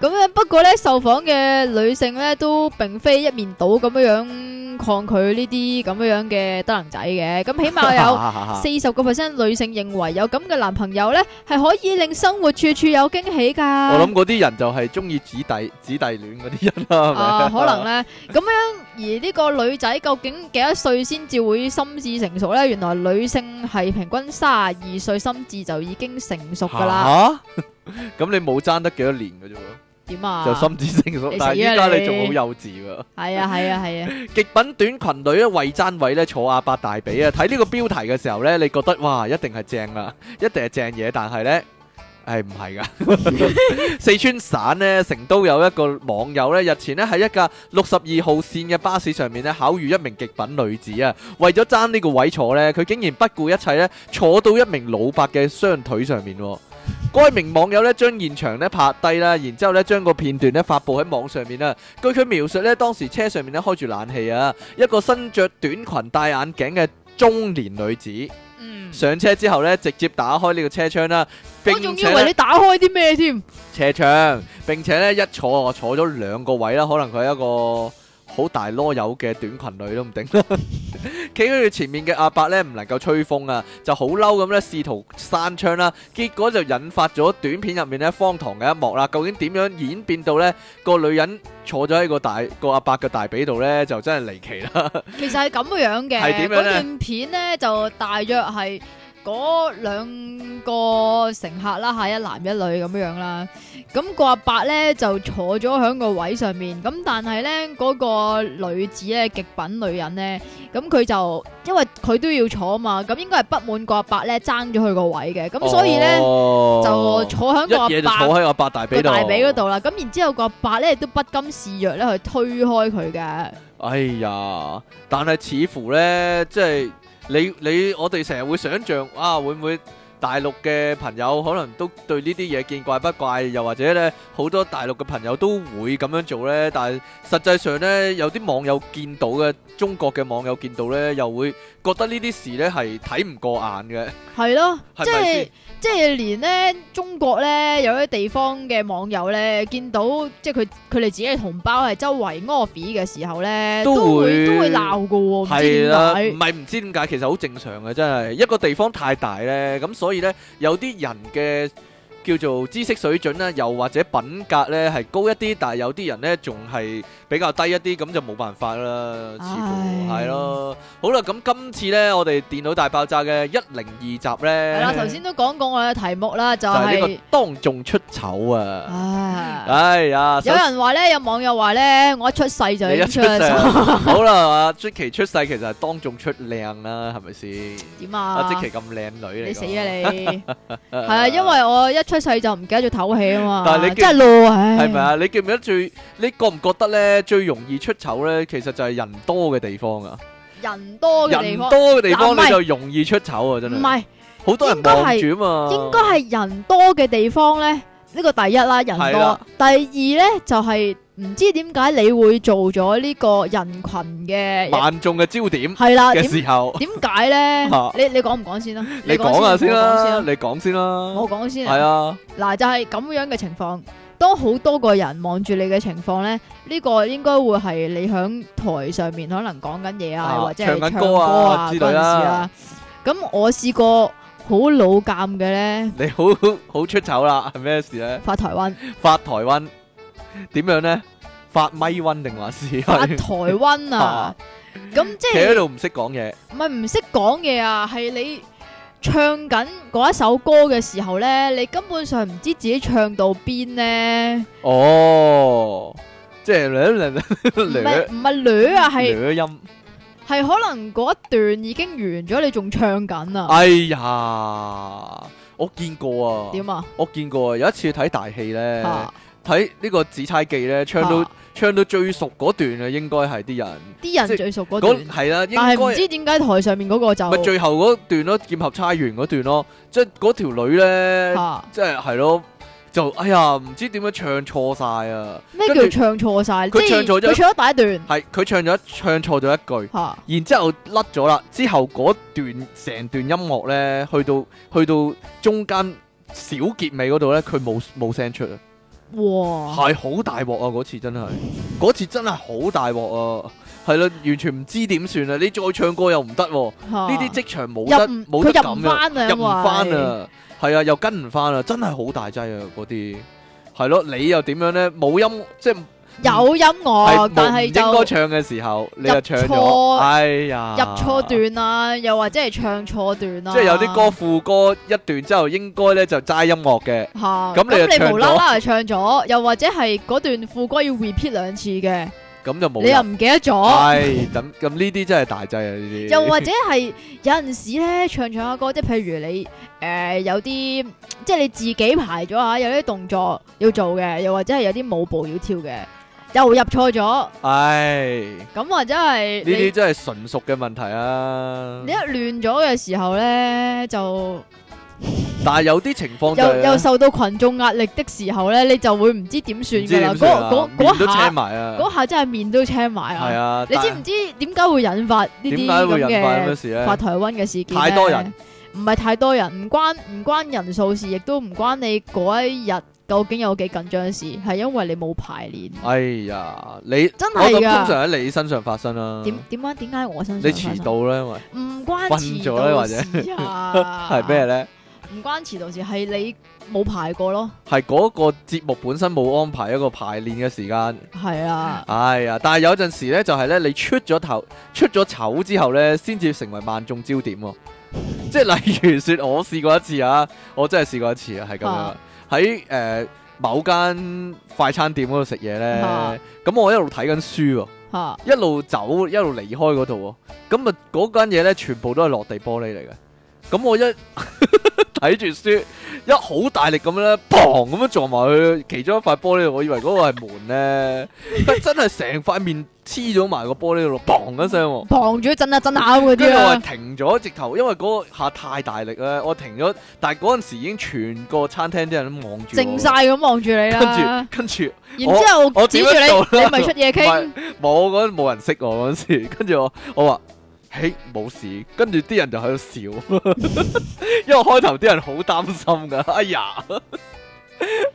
咁樣，不過咧，受訪嘅女性咧，都並非一面倒咁樣樣抗拒呢啲咁樣樣嘅得能仔嘅。咁起碼有四十個 percent 女性認為有咁嘅男朋友咧，係可以令生活處處有驚喜噶。我諗嗰啲人就係中意姊弟姊弟戀嗰啲人啦、 啊，可能咧，咁樣而呢個女仔究竟幾多歲先至會心智成熟咧？原來女性係平均卅二歲心智就已經成熟噶啦。 咁你冇爭得幾多年嘅啫？點啊？就心智成熟，但係依家你仲好幼稚喎你。係啊係啊係啊！極、啊啊啊、 品短裙女為爭位咧坐阿伯大髀啊！睇呢個標題嘅時候咧，你覺得哇，一定係正啊，一定係正嘢，但係咧，係唔係噶？ 四川省呢，成都有一個網友咧，日前呢，喺一架六十二號線嘅巴士上面咧，巧遇一名極品女子啊，為咗爭呢個位坐咧，佢竟然不顧一切咧，坐到一名老伯嘅雙腿上面、啊。該名網友咧將現場咧拍低啦，然之後咧將個片段咧發布喺網上面啊。據佢描述咧，當時車上面咧開住冷氣啊，一個身着短裙戴眼鏡嘅中年女子、嗯、上車之後咧，直接打開呢個車窗啦，並且，我仲以為你打開啲咩添？車窗，並且咧一坐我坐咗兩個位啦，可能佢係一個好大囉柚嘅短裙女都唔定。 企喺佢前面嘅阿伯咧，唔能夠吹風啊，就好嬲咁咧，試圖閂窗啦，結果就引發咗短片入面咧荒唐嘅一幕啦。究竟點樣演變到咧個女人坐咗喺個大、嗰個阿伯嘅大髀度咧，就真係離奇啦。 其實係咁嘅樣嘅，嗰段 片咧就大約係。嗰兩個乘客啦，吓一男一女咁樣啦。咁個阿伯咧就坐咗喺個位上面。咁但係咧，嗰個女子咧，極品女人咧，咁佢就因為佢都要坐啊嘛。咁應該係不滿個阿伯咧爭咗佢個位嘅。咁所以咧、哦、就坐喺個阿伯，坐喺阿伯個大髀嗰度啦。咁然之後個阿伯咧都不甘示弱咧去推開佢嘅。哎呀！但係似乎咧即係。即係你你我哋成日會想像啊，會唔會大陸嘅朋友可能都對呢啲嘢見怪不怪，又或者咧好多大陸嘅朋友都會咁樣做呢？但係實際上呢，有啲網友見到嘅中國嘅網友見到呢，又會覺得呢啲事呢係睇唔過眼嘅。係咯，係咪 不是、就是？即係連咧，中國咧有啲地方嘅網友咧，見到即係佢佢哋自己嘅同胞係周圍屙屎嘅時候咧，都會都會鬧噶喎。係啦的，唔係唔知點解，其實好正常嘅，真係一個地方太大咧，咁所以咧有啲人嘅。叫做知識水準啦，又或者品格咧係高一啲，但係有啲人咧仲係比較低一啲，咁就冇辦法啦。似乎係唉咯，好啦，咁今次咧我哋電腦大爆炸嘅一零二集咧，係啦，頭先都講過我嘅題目啦，就係、就係呢個、當眾出醜啊！唉呀，唉啊、有人話咧，有網友話咧，我一出世就已經出醜。出 好啦，阿積淇出世其實係當眾出靚啦，係咪先？點啊？阿積淇咁靚女嚟，你死啊你！係啊，因為我一出一世就唔記得住唞氣啊嘛，真係囉啊！係咪啊？你記唔記得最？你覺唔覺得咧最容易出醜咧？其實就係人多嘅地方啊！人多嘅地方，人多嘅地方你就容易出醜啊！真係，唔係好多人望住啊嘛。應該係人多嘅地方咧，呢個第一啦，人多。係啦。第二咧就係。唔知點解你會做咗呢個人群嘅萬眾嘅焦點，係啦嘅時候、啊，點解咧？你你講，啊、你講唔講先啦？你講下先啦，你講先啦。我講先。係啊，嗱就係、是、咁樣嘅情況，當好多個人望住你嘅情況咧，呢、這個應該會係你喺台上面可能講緊嘢啊，或者係唱歌啊之類啦。咁、啊啊、我試過好老攪老尷嘅咧，你好好出醜啦，係咩事咧？發台瘟，發台瘟。點樣咧？發咪瘟定還是發台瘟啊？咁即係企喺度唔識講嘢。唔係唔識講嘢啊，係你唱緊嗰一首歌嘅時候咧，你根本上唔知自己唱到邊咧。哦，即係捋捋捋捋。唔係唔係捋啊，係捋音，係可能嗰一段已經完咗，你仲唱緊啊？哎呀，我見過啊。點啊？我見過啊，有一次睇大戲咧。睇呢個《紫釵記》咧，唱到唱到最熟嗰段啊，應該係啲人啲人最熟嗰段，係啦，但係唔知點解台上面嗰個就咪最後嗰段咯，劍合釵圓嗰段咯，即係嗰條女咧，即係係咯，就哎呀，唔知點樣唱錯晒啊！咩叫唱錯晒？佢唱錯咗，佢唱咗第一段，係佢唱咗唱錯咗一句，然之後甩咗啦。之後嗰段成段音樂咧，去到去到中間小結尾嗰度咧，佢冇冇聲出啊！哇，係好大鑊啊！嗰次真係，嗰次真係好大鑊啊！係啦、啊，完全唔知點算啊！你再唱歌又唔、啊啊、得，呢啲職場冇得冇得咁嘅，入唔翻啊！係因為啊，又跟唔翻啊！真係好大劑啊！嗰啲係咯，你又點樣呢？冇音即係。有音樂，是但係應該唱嘅時候，就入 你就唱咗，錯哎呀，入錯段啦，又或者係唱錯段啦。即係有啲歌副歌一段之後，應該咧就齋音樂嘅。咁、嗯、你、你無啦啦係唱咗，又或者係嗰段副歌要 repeat 兩次嘅。咁就冇。你又唔記得咗？係、哎，咁咁呢啲真係大劑啊！ 呢啲、呃。又或者係有陣時咧，唱唱下歌，即係譬如你誒有啲，即係你自己排咗下，有啲動作要做嘅，又或者係有啲舞步要跳嘅。又入錯咗，唉！咁或者係呢啲真係純熟嘅問題啊！你一亂咗嘅時候咧，就 但係有啲情況又又受到群眾壓力的時候咧，你就會唔知點算噶啦！嗰嗰嗰下嗰下真係面都青埋啊！係啊！你知唔知點解會引發呢啲咁嘅發台灣嘅事件？太多人唔係太多人，唔關唔關人數事，亦都唔關你嗰一日。究竟有幾緊張？事係因為你冇排練。哎呀，你真係通常喺你身上發生啦、啊。點點解？點解我身上發生？你遲到咧，因為唔關遲、啊、或者？係咩咧？唔關遲到事，係你冇排過咯。係嗰個節目本身冇安排一個排練嘅時間。係啊。哎呀，但係有陣時咧，就係咧，你出咗頭、出咗醜之後咧，先至成為萬眾焦點喎。 即係例如說，我試過一次啊，我真係試過一次啊，係咁樣。 喺誒、呃、某間快餐店嗰度食嘢咧，咁、啊、我一路睇緊書喎、啊，一路走一路離開嗰度喎，咁啊嗰間嘢咧全部都係落地玻璃嚟嘅，咁我一， 睇住書，一好大力咁樣咧，砰咁樣撞埋去其中一塊玻璃度，我以為嗰個係門咧， 真係成塊面黐咗埋個玻璃度，砰一聲，砰住震下震下嗰啲我跟停咗，直頭因為嗰下太大力咧，我停咗，但係嗰陣時已經全個餐廳啲人咁望住我，靜曬咁望住你啦，跟住，跟住，然之後我，我指住你，你咪出嘢傾，冇嗰陣冇人識我嗰時，跟 住我，我話。冇事，跟住啲人就喺度笑， 因為開頭啲人好擔心㗎，哎呀。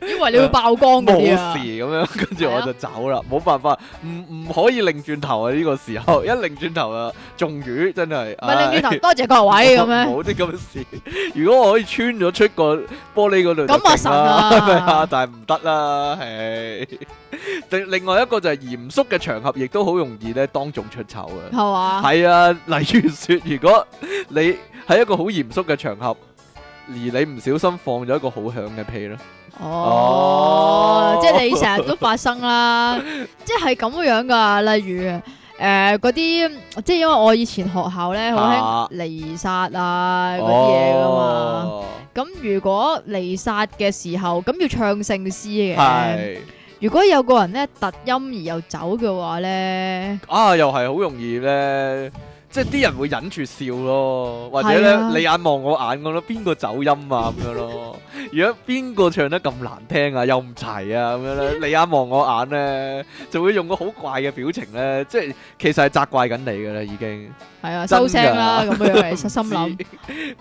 因為你會曝光嗰、啊、事，啊，咁樣跟住我就走啦，冇、啊、辦法，唔唔可以擰轉頭啊！呢、這個時候一擰轉頭啊，中魚真係，唔係擰轉頭多、哎、謝，謝各位咁咩？冇啲咁事，如果我可以穿咗出個玻璃嗰度，咁我神啊！但係唔得啦，係另外一個就係嚴肅嘅場合，亦都好容易咧當眾出醜啊，係嘛？係啊，例如說，如果你喺一個好嚴肅嘅場合。而你唔小心放咗一個好響嘅屁咯？哦，oh, oh. 即係你成日都發生啦， 即係咁樣噶。例如誒，嗰、呃、啲即係因為我以前學校咧好興彌撒啊嗰啲嘢噶嘛。咁、oh. 如果彌撒嘅時候，咁要唱聖詩嘅。係。Oh. 如果有個人咧突音而又走嘅話咧，oh. 啊，又係好容易咧。即係啲人會忍住笑咯，或者咧你眼望我眼咁咯，邊個走音啊咁樣咯？如果邊個唱得咁難聽啊，又唔齊啊咁樣咧，你眼望我眼咧，就會用個好怪嘅表情咧，即係其實係責怪緊你㗎啦已經。係啊，收聲啦咁樣，實心諗。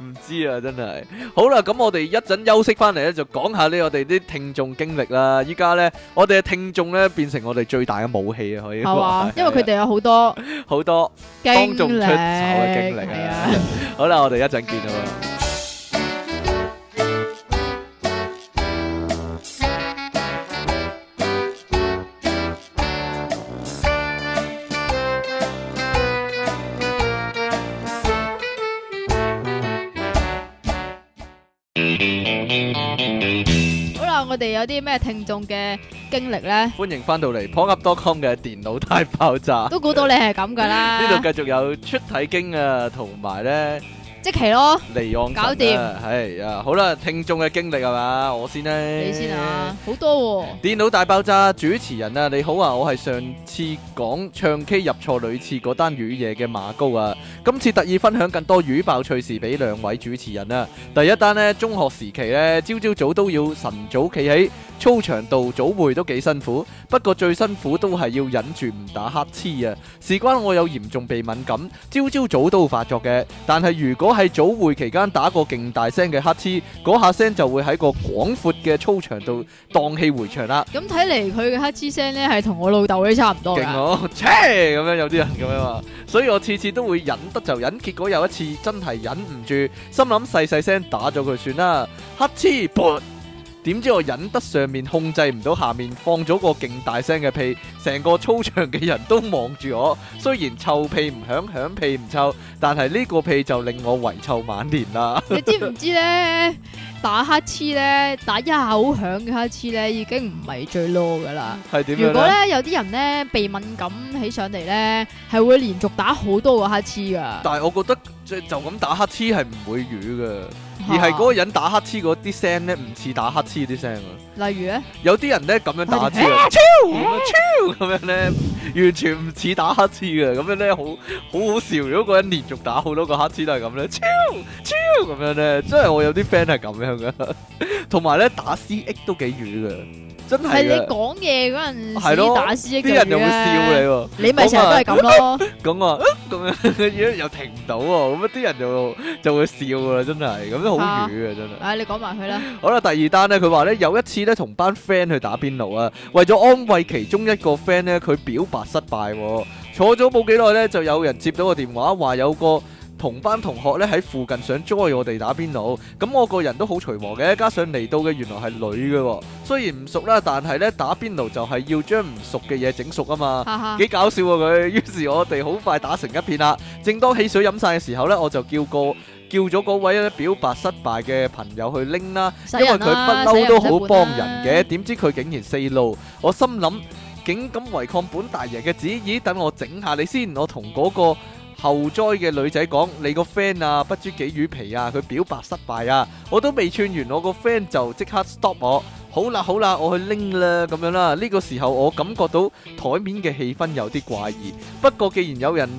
唔知啊，真係。好啦，咁我哋一陣休息翻嚟咧，就講下呢，我哋啲聽眾經歷啦。依家咧，我哋嘅聽眾咧變成我哋最大嘅武器啊，可以。係啊，因為佢哋有好多好多驚。出醜嘅經歷，啊 好，好啦，我哋一陣見到啊！我哋有啲咩聽眾嘅經歷咧？歡迎翻到嚟，popup.com 嘅電腦大爆炸，都估到你係咁噶啦。呢度繼續有出體經啊，同埋咧。積淇咯，離岸神、啊、搞掂定，係啊，好啦，聽眾嘅經歷係嘛，我先咧，你先啊，好多、哦、電腦大爆炸主持人啊，你好啊，我係上次講唱 K 入錯女廁嗰單瘀嘢嘅馬高啊，今次特意分享更多瘀爆趣事俾兩位主持人啊，第一單呢，中學時期呢，朝朝早都要晨早企喺操場度早會都幾辛苦，不過最辛苦都係要忍住唔打乞嗤啊，事關我有嚴重鼻敏感，朝朝早都會發作嘅，但係如果喺早會期間打過勁大聲嘅黑痴，嗰下聲就會喺個廣闊嘅操場度蕩氣迴腸啦。咁睇嚟佢嘅黑痴聲呢係同我老豆都差唔多勁噶。切咁、哦、樣有啲人咁樣啊，嗯、所以我次次都會忍得就忍，結果有一次真係忍唔住，心諗細細聲打咗佢算啦，黑痴噗。點知我忍得上面控制唔到下面放咗個勁大聲嘅屁，成個操場嘅人都望住我。雖然臭屁唔響，響屁唔臭，但係呢個屁就令我遺臭萬年啦。你知唔知呢？ 打乞嗤呢，打一口好響嘅乞嗤呢已經唔係最 low 噶啦。係點？如果呢，有啲人呢鼻敏感起上嚟呢，係會連續打好多個乞嗤噶。但係我覺得就就咁打乞嗤係唔會瘀噶。而係嗰個人打乞嗤嗰啲聲咧，唔似打乞嗤啲聲啊！例如咧，有啲人咧咁樣打黐，咁 樣咧完全唔似打乞嗤嘅，咁樣咧好好好笑。如果個人連續打好多個乞嗤都係咁咧，超超咁樣咧，即係我有啲 friend 係咁樣噶，同埋咧打 C X 都幾遠噶。係你講嘢嗰陣，打思噎啲人就會笑你。你咪成日都係咁咯。咁啊，咁樣又停唔到，咁啲人就就會笑啦，真係咁都好瘀啊，真係。唉，你講埋佢啦。好啦，第二單咧，佢話咧有一次咧，同班 friend 去打邊爐啊，為咗安慰其中一個 friend 咧，佢表白失敗啊，坐咗冇幾耐咧，就有人接到個電話，話有個。同班同學咧喺附近想 join 我哋打邊爐，咁我個人都好隨和嘅，加上嚟到嘅原來係女嘅喎，雖然唔熟啦，但係咧打邊爐就係要將唔熟嘅嘢整熟啊嘛， 幾搞笑啊佢。於是，我哋好快打成一片啦。正當汽水飲晒嘅時候咧，我就叫個叫咗嗰位咧表白失敗嘅朋友去拎啦，因為佢不嬲都好幫人嘅。點知佢竟然四路，我心諗竟敢違抗本大爺嘅旨意，等我整下你先。我同嗰個。受災嘅女仔講：你個 friend 啊，不知幾魚皮啊，佢表白失敗啊，我都未串完，我個 friend 就即刻 stop 我。好啦好啦，我去拎啦，咁樣啦。呢、這個時候我感覺到台面嘅氣氛有啲怪異。不過既然有人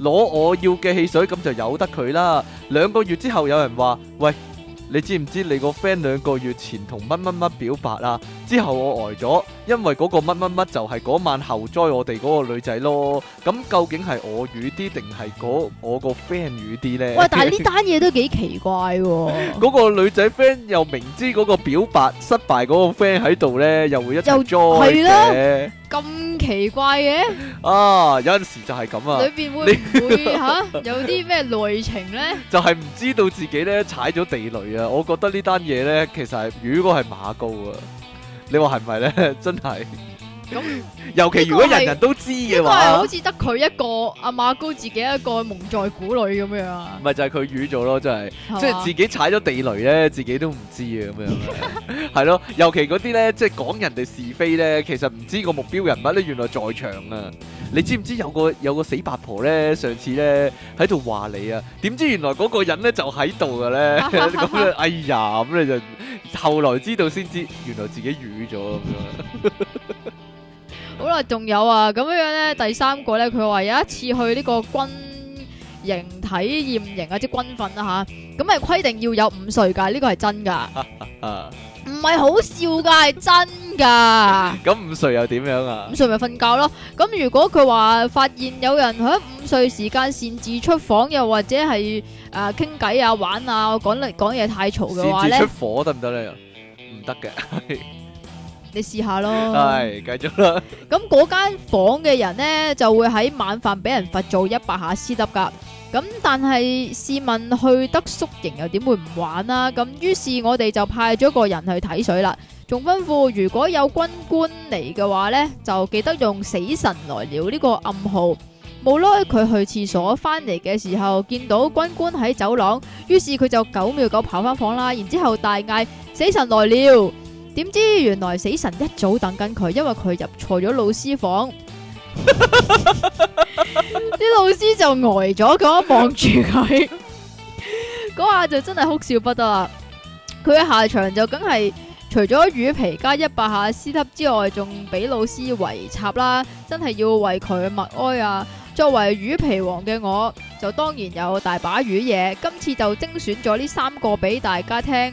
攞我要嘅汽水，咁就由得佢啦。兩個月之後有人話：喂，你知唔知你個 friend 兩個月前同乜乜乜表白啊？之後我呆咗。因為嗰個乜乜乜就係嗰晚後災我哋嗰個女仔咯，咁究竟係我瘀啲定係我個 friend 瘀啲呢？喂，但係呢單嘢都幾奇怪喎。嗰 個女仔 friend 又明知嗰個表白失敗嗰個 friend 喺度呢，又會一再。災嘅、啊。係啦，咁奇怪嘅。 啊，有陣時就係咁啊。裏邊會會吓你笑、啊、有啲咩內情呢？就係唔知道自己呢踩咗地雷啊！我覺得呢單嘢呢，其實係瘀個係馬高啊。你話係唔係咧？ 真係。咁，尤其是如果人人都知嘅話，好似得佢一個阿馬高自己一個蒙在鼓裏咁樣。咪就係佢瘀咗咯，真係即係自己踩咗地雷咧，自己都唔知啊，咁樣。係咯， 尤其嗰啲咧，即係講人哋是非咧，其實唔知個目標人物咧，原來在場啊！你知唔知有個有個死八婆咧？上次咧喺度話你啊，點知原來嗰個人咧就喺度嘅咧？ 哎呀，咁你就後來知道先知，原來自己瘀咗咁樣。 好啦，仲有啊，咁樣樣咧，第三個咧，佢話有一次去呢個軍營體驗營啊，即係軍訓啦吓，咁啊規定要有午睡噶，呢個係真噶，唔係 好笑噶，係真噶。咁午睡又點樣啊？午睡咪瞓覺咯。咁、啊、如果佢話發現有人喺午睡時間擅自出房，又或者係誒傾偈啊玩啊，講嚟講嘢太嘈嘅話咧，出火得唔得咧？唔得嘅。行 你試下咯，係繼續啦。咁嗰間房嘅人呢，就會喺晚飯俾人罰做一百下私蹲噶。咁但係試問去得宿營又點會唔玩啊？咁於是我哋就派咗一個人去睇水啦，仲吩咐如果有軍官嚟嘅話呢，就記得用死神來了呢個暗號。冇耐佢去廁所翻嚟嘅時候，見到軍官喺走廊，於是佢就九秒九跑翻房啦。然之後大嗌：死神來了！點知原來死神一早等緊佢，因為佢入錯咗老師房，啲 老師就呆咗咁望住佢，嗰 下就真係哭笑不得啦。佢嘅下場就梗係除咗魚皮加一百下師級之外，仲俾老師圍插啦，真係要為佢默哀啊！作為魚皮王嘅我，就當然有大把魚嘢，今次就精選咗呢三個俾大家聽。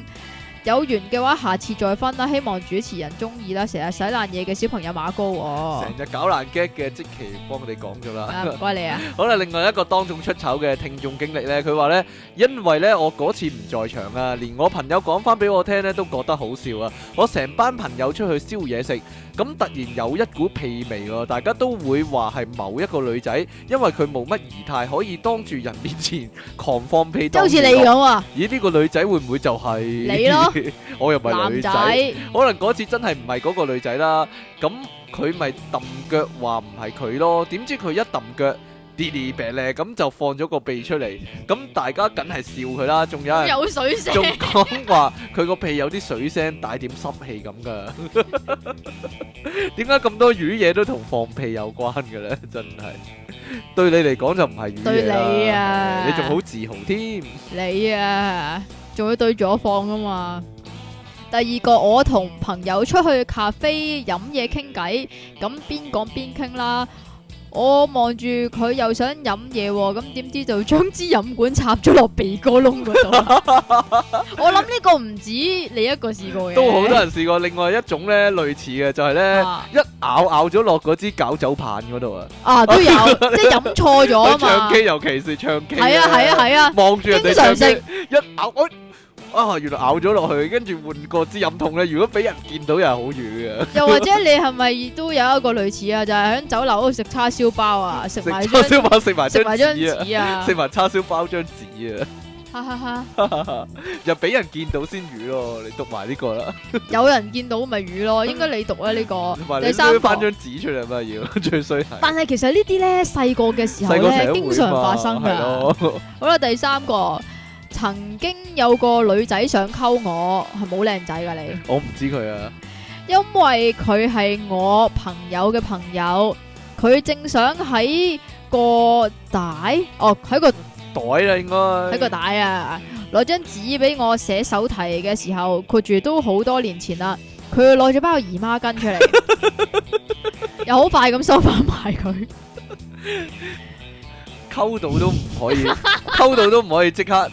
有緣嘅話，下次再分啦。希望主持人中意啦。成日洗爛嘢嘅小朋友馬高，成、哦、日搞爛 gag 嘅積淇幫你講咗啦。唔該、嗯、你啊。 好啦，另外一個當眾出醜嘅聽眾經歷呢，佢話呢：「因為呢，我嗰次唔在場啊，連我朋友講翻俾我聽呢，都覺得好笑啊。我成班朋友出去燒嘢食。咁突然有一股屁味喎，大家都會話係某一個女仔，因為佢冇乜儀態，可以當住人面前狂放屁。就好似你咁啊！咦？呢個女仔會唔會就係你咯？我又唔係女仔，可能嗰次真係唔係嗰個女仔啦。咁佢咪揼腳話唔係佢咯？點知佢一揼腳，d i 病咧，咁就放咗個屁出嚟，咁大家梗係笑佢啦。仲有人說說有水聲，仲講話佢個屁有啲水聲，帶點濕氣咁噶。點解咁多魚嘢都同放屁有關嘅咧？真係對你嚟講就唔係魚你啦。你仲好自豪添？你啊，仲要對咗、啊、放啊嘛？第二個，我同朋友出去咖啡飲嘢傾偈，咁邊講邊傾啦。我望住佢又想飲嘢喎，咁點知就將支飲管插咗落鼻哥窿嗰度。 我諗呢個唔止你一個試過嘅，都好多人試過。另外一種咧類似嘅就係咧，一咬咬咗落嗰支搞酒棒嗰度啊。啊，都有 即係飲錯咗啊嘛唱。唱 K 尤其是唱 K，係啊係啊係啊，望住、啊啊啊、人哋唱 K，一咬我。哎啊！原來咬咗落去，跟住換過支飲筒咧。如果俾人見到又係好瘀啊！又或者你係咪都有一個類似啊？就係喺酒樓嗰度食叉燒包啊，食埋叉燒包食埋食埋張紙啊，食埋叉燒包張紙啊！哈哈哈！又俾人見到先瘀咯，你讀埋呢個啦。有人見到咪瘀咯，應該你讀咧呢個。第三，翻張紙出嚟咪要最衰係。但係其實呢啲咧細個嘅時候咧，經常發生噶。好啦，第三個。曾經有個女仔想溝我，係冇靚仔噶你。我唔知佢啊，因為佢係我朋友嘅朋友，佢正想喺個袋，oh, 個袋，哦喺個袋啦應該，喺個袋啊，攞張紙俾我寫手提嘅時候，佢住都好多年前啦，佢攞咗包姨媽巾出嚟， 又好快咁收翻埋佢，溝到 都唔可以，溝到 都唔可以即刻。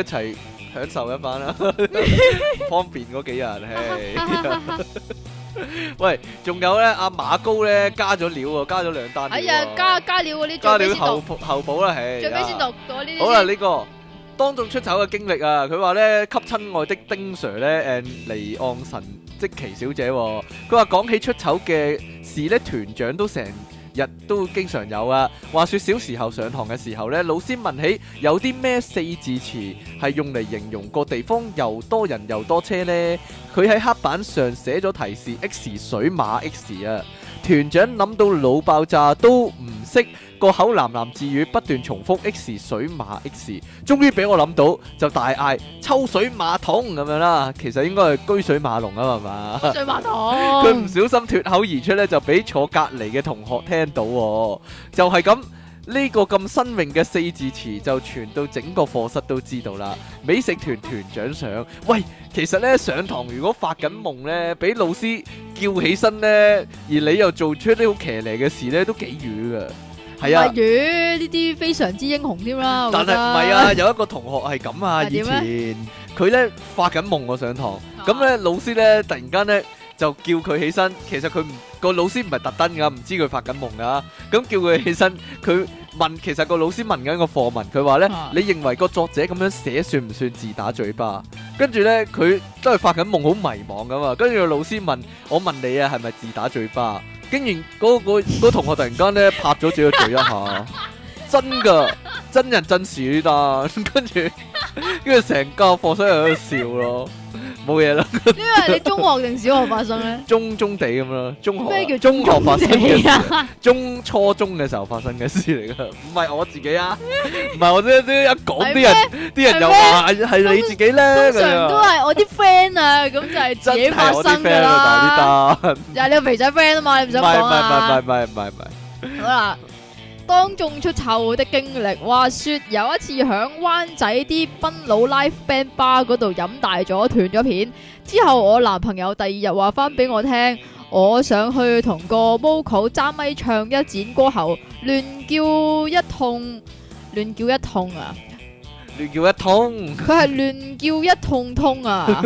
一齊享受一番啦， 方便嗰幾日。喂 嘿，仲 有咧，阿、啊、馬高咧加咗料喎，加咗兩單。哎呀，加加料喎，呢張先到，後補後補啦。最尾先讀咗呢。好啦，呢、這、哥、個、當眾出醜嘅經歷啊，佢話咧給親愛的丁 Sir 咧，誒，離岸神即淇小姐、啊。佢話講起出醜嘅事咧，團長都成日都經常有啊！話說小時候上堂嘅時候呢，老師問起有啲咩四字詞係用嚟形容個地方又多人又多車呢？佢喺黑板上寫咗提示 X 水馬 X 啊！團長諗到腦爆炸都唔，識個口喃喃自語，不斷重複 x 水馬 x，終於俾我諗到就大嗌抽水馬桶咁樣啦，其實應該係居水馬龍啊嘛，水馬桶佢唔 小心脫口而出呢，就俾坐隔籬嘅同學聽到，就係咁。呢個咁新穎嘅四字詞就傳到整個課室都知道啦。美食團團長上，喂，其實咧上堂如果發緊夢咧，俾老師叫起身咧，而你又做出啲好騎呢嘅事咧，都幾遠噶。係啊，遠呢啲非常之英雄添啦。但係唔係啊？有一個同學係咁啊，以前佢咧發緊夢我上堂，咁咧老師咧突然間咧就叫佢起身。其實佢唔個老師唔係特登㗎，唔知佢發緊夢㗎。咁叫佢起身，佢。問其實個老師問緊個課文，佢話呢：啊「你認為個作者咁樣寫算唔算自打嘴巴？跟住呢，佢都係發緊夢，好迷茫㗎嘛。跟住個老師問我問你啊，係咪自打嘴巴？竟然嗰個同學突然間呢，拍咗自己個嘴一下。 真噶，真人真事啦，跟住跟住成個課室喺度笑咯，冇嘢啦。因為你中學定小學發生咧？中中地咁咯，中學。咩叫中學發生嘅？中初中嘅時候發生嘅事嚟噶，唔係我自己啊，唔係我啲啲一講啲人，啲人又話係你自己咧。通常都係我啲 friend 啊，咁就係自己發生噶啦。就係你個肥仔 friend 啊嘛？你唔想講啊？唔係唔係唔係唔係唔係唔係。好啦。當眾出醜的經歷，話說有一次響灣仔啲賓佬 live band bar 嗰度飲大咗，斷咗片之後，我男朋友第二日話翻俾我聽，我想去同個 Vocal 揸咪，唱一展歌喉，亂叫一痛，亂叫一痛啊，亂叫一痛，佢係亂叫一痛通啊，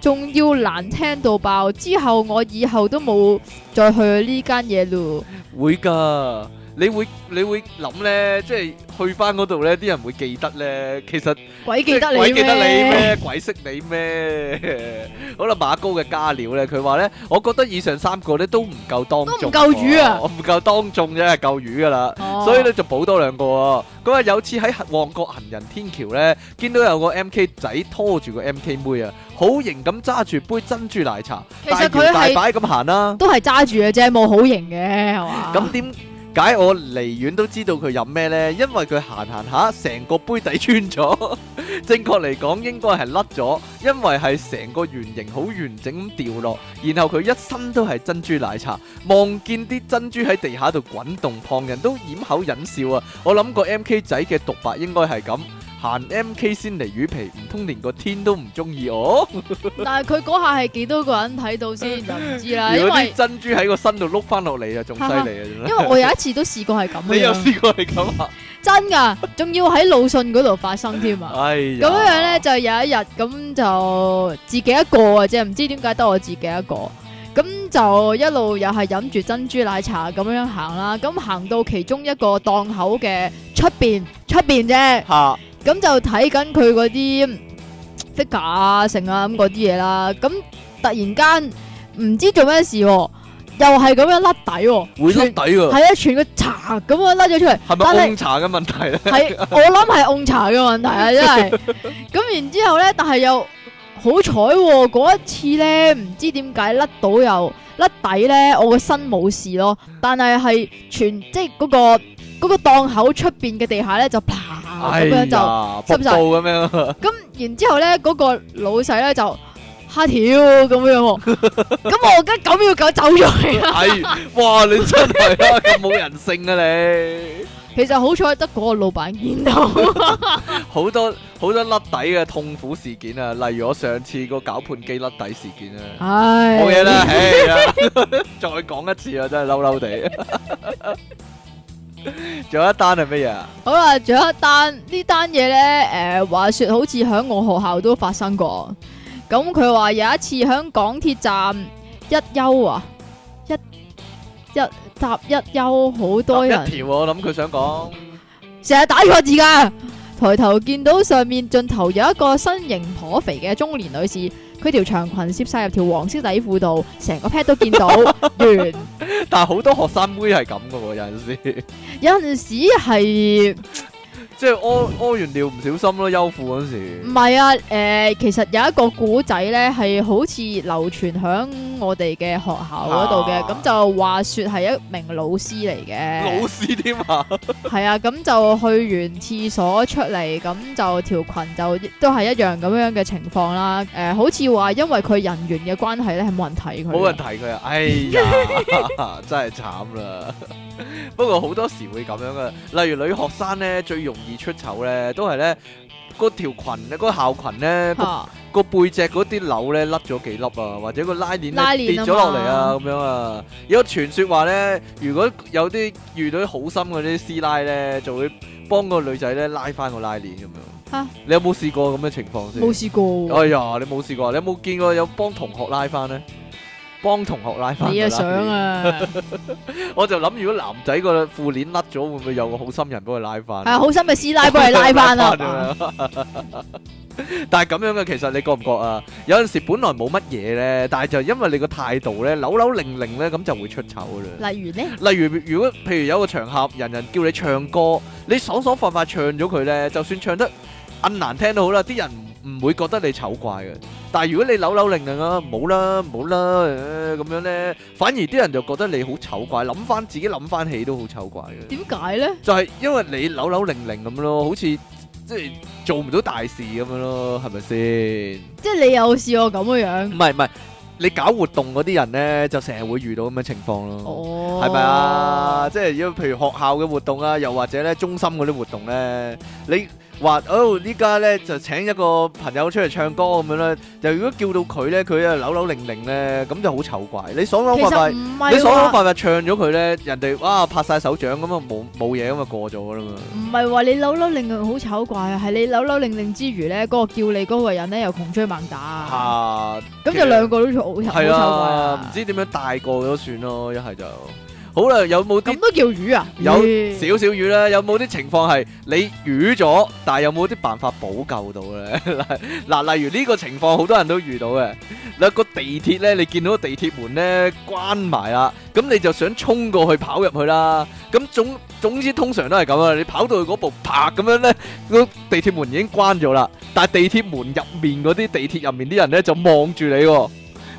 仲要難聽到爆，之後我以後都冇再去呢間嘢咯，會噶。你會你會諗咧，即係去翻嗰度咧，啲人會記得咧。其實鬼記得你咩？鬼記得你咩？鬼識你咩？好啦，馬高嘅加料咧，佢話咧，我覺得以上三個咧都唔夠當眾，都唔夠魚啊，唔夠當眾啫，夠魚噶啦。所以咧就補多兩個。佢話有次喺旺角行人天橋咧，見到有個 MK 仔拖住個 MK 妹啊，好型咁揸住杯珍珠奶茶，大搖大擺咁行啦，都係揸住嘅啫，冇好型嘅係嘛？咁點解我離遠都知道佢飲咩呢？因為佢行行下成個杯底穿咗， 正確嚟講應該係甩咗，因為係成個圓形好完整咁掉落，然後佢一身都係珍珠奶茶，望見啲珍珠喺地下度滾動，旁人都掩口忍笑啊！我諗個 MK 仔嘅獨白應該係咁。行 MK 先嚟魚皮，唔通連個天都唔中意我？但係佢嗰下係幾多個人睇到先就唔知啦，因為珍珠喺個身度碌翻落嚟啊，仲犀利啊！因為我有一次都試過係咁樣，你有試過係咁啊？真噶，仲要喺魯迅嗰度發生添啊！哎呀！咁樣樣咧就有一日咁就自己一個啊，即係唔知點解得我自己一個，咁就一路又係飲住珍珠奶茶咁樣行啦。咁行到其中一個檔口嘅出邊，出邊啫。咁、嗯、就睇緊佢嗰啲 figure 啊，成啊咁嗰啲嘢啦。咁突然間唔知做咩事、哦，又係咁樣甩底、哦，會甩底噶係啊，全個茶咁樣甩咗出嚟。係咪紅茶嘅問題咧？係我諗係紅茶嘅問題啊，真係。咁 然之後咧，但係又好彩嗰一次咧，唔知點解甩到又甩底咧，我個身冇事咯。但係係全即係嗰、那個。嗰個檔口出邊嘅地下咧就啪咁樣就濕晒咁樣，咁然之後咧嗰個老細咧就嚇跳咁樣，咁我而家九秒九走咗去啊！係！哇，你真係咁冇人性啊你！其實好彩得嗰個老闆見到，好多好多甩底嘅痛苦事件啊，例如我上次個攪拌機甩底事件啊，唉，冇嘢啦，再講一次啊，真係嬲嬲地。仲 有一單係乜嘢啊？好啦，仲有一單呢單嘢呢，誒、呃，話說好似響我學校都發生過。咁佢話有一次響港鐵站一休啊，一一搭一休好多人。條、啊、我諗佢想講，成日打錯字㗎。抬頭見到上面盡頭有一個身形頗肥嘅中年女士。佢條長裙攝晒入條黃色底褲度，成個 pad 都見到 完。 但係好多學生妹係咁嘅喎，有陣時 有陣時係。 即係屙屙完尿唔小心咯，休褲嗰時。唔係啊，誒、呃，其實有一個古仔咧，係好似流傳響我哋嘅學校嗰度嘅，咁、啊、就話說係一名老師嚟嘅。老師添 啊？係啊，咁就去完廁所出嚟，咁就條裙就都係一樣咁樣嘅情況啦。誒、呃，好似話因為佢人緣嘅關係咧，係冇人睇佢。冇人睇佢啊！哎呀， 真係慘啦。 不過好多時會咁樣嘅，例如女學生咧，最容易容易而出醜咧，都係咧嗰，條裙咧，嗰、嗰個校裙咧哈個，個背脊嗰啲鈕咧甩咗幾粒啊，或者個拉鏈咧跌咗落嚟啊，咁樣啊。有傳說話咧，如果有啲遇到啲好心嗰啲師奶咧，就會幫個女仔咧拉翻個拉鏈咁樣。吓哈，你有冇試過咁嘅情況先？冇試過。哎呀，你冇試過？你有冇見過有幫同學拉翻咧？幫同學拉翻，你嘅想啊！我就諗，如果男仔個褲鏈甩咗，會唔會有個好心人幫佢拉翻？係好心嘅師奶幫佢拉翻啊！但係咁樣嘅，其實你覺唔覺啊？有陣時本來冇乜嘢咧，但係就因為你個態度咧，扭扭零零咧，咁就會出醜噶啦。例如咧，例如如果譬如有個場合，人人叫你唱歌，你爽爽快快唱咗佢咧，就算唱得咁難聽都好啦，啲人。唔會覺得你醜怪嘅，但係如果你扭扭擰擰啊，冇啦，冇啦，誒咁樣咧，反而啲人就覺得你好醜怪。諗翻自己，諗翻起都好醜怪嘅。點解咧？就係因為你扭扭擰擰咁咯，好似即係做唔到大事咁樣咯，係咪先？即係你有試過咁嘅樣？唔係唔係，你搞活動嗰啲人咧，就成日會遇到咁嘅情況咯。哦，係咪啊？即係如果譬如學校嘅活動啊，又或者咧中心嗰啲活動咧，你。話哦，依家咧就請一個朋友出嚟唱歌咁樣咧，就如果叫到佢咧，佢啊扭扭擰擰咧，咁就好醜怪。你爽爽快快，唔係，你爽爽快快唱咗佢咧，人哋哇拍晒手掌，咁啊冇，冇嘢咁啊過咗啦嘛。唔係話你扭扭擰擰好醜怪啊，係你扭扭擰擰之餘咧，嗰個叫你嗰個人咧又窮追猛打啊。咁就兩個都醜，好醜怪啊！唔知點樣大個都算咯，一係就。好啦，有冇啲點都叫魚啊！有少少魚啦。有冇啲情況係你魚咗，但係有冇啲辦法補救到咧？嗱， 例如呢個情況，好多人都遇到嘅。嗱，個地鐵咧，你見到地鐵門咧關埋啦，咁你就想衝過去跑入去啦。咁總總之，通常都係咁啊。你跑到去嗰步，啪咁樣咧，個地鐵門已經關咗啦。但係地鐵門入面嗰啲地鐵入面啲人咧，就望住你，哦。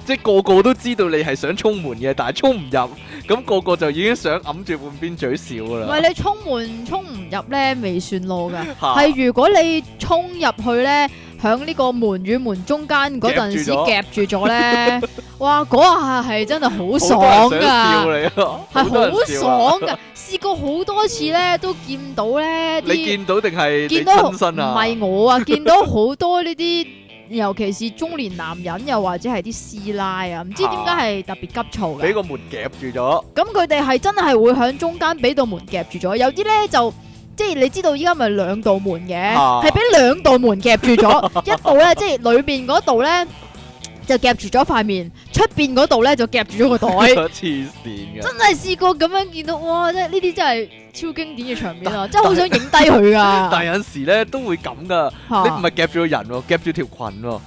即係個個都知道你係想衝門嘅，但係衝唔入，咁個個就已經想揞住半邊嘴笑㗎啦。唔係你衝門衝唔入咧未算路㗎，係 如果你衝入去咧，喺呢個門與門中間嗰陣時夾住咗咧， 哇！嗰下係真係好爽㗎，係好 爽㗎， 試過好多次咧都見到咧你見到定係、啊、見到？身啊？唔係我啊，見到好多呢啲。 尤其是中年男人，又或者係啲師奶啊，唔知點解係特別急躁嘅，俾個門夾住咗。咁佢哋係真係會喺中間俾道門夾住咗，有啲咧就即係你知道依家咪兩道門嘅，係俾、啊、兩道門夾住咗， 一道咧即係裏面嗰度咧。就夾住咗塊面，出邊嗰度咧就夾住咗個袋。 黐線嘅真係試過咁樣見到，哇！真係呢啲真係超經典嘅場面啊，但真係好想影低佢啊。 但有時咧都會咁噶，你唔係夾住人喎，夾住條裙喎，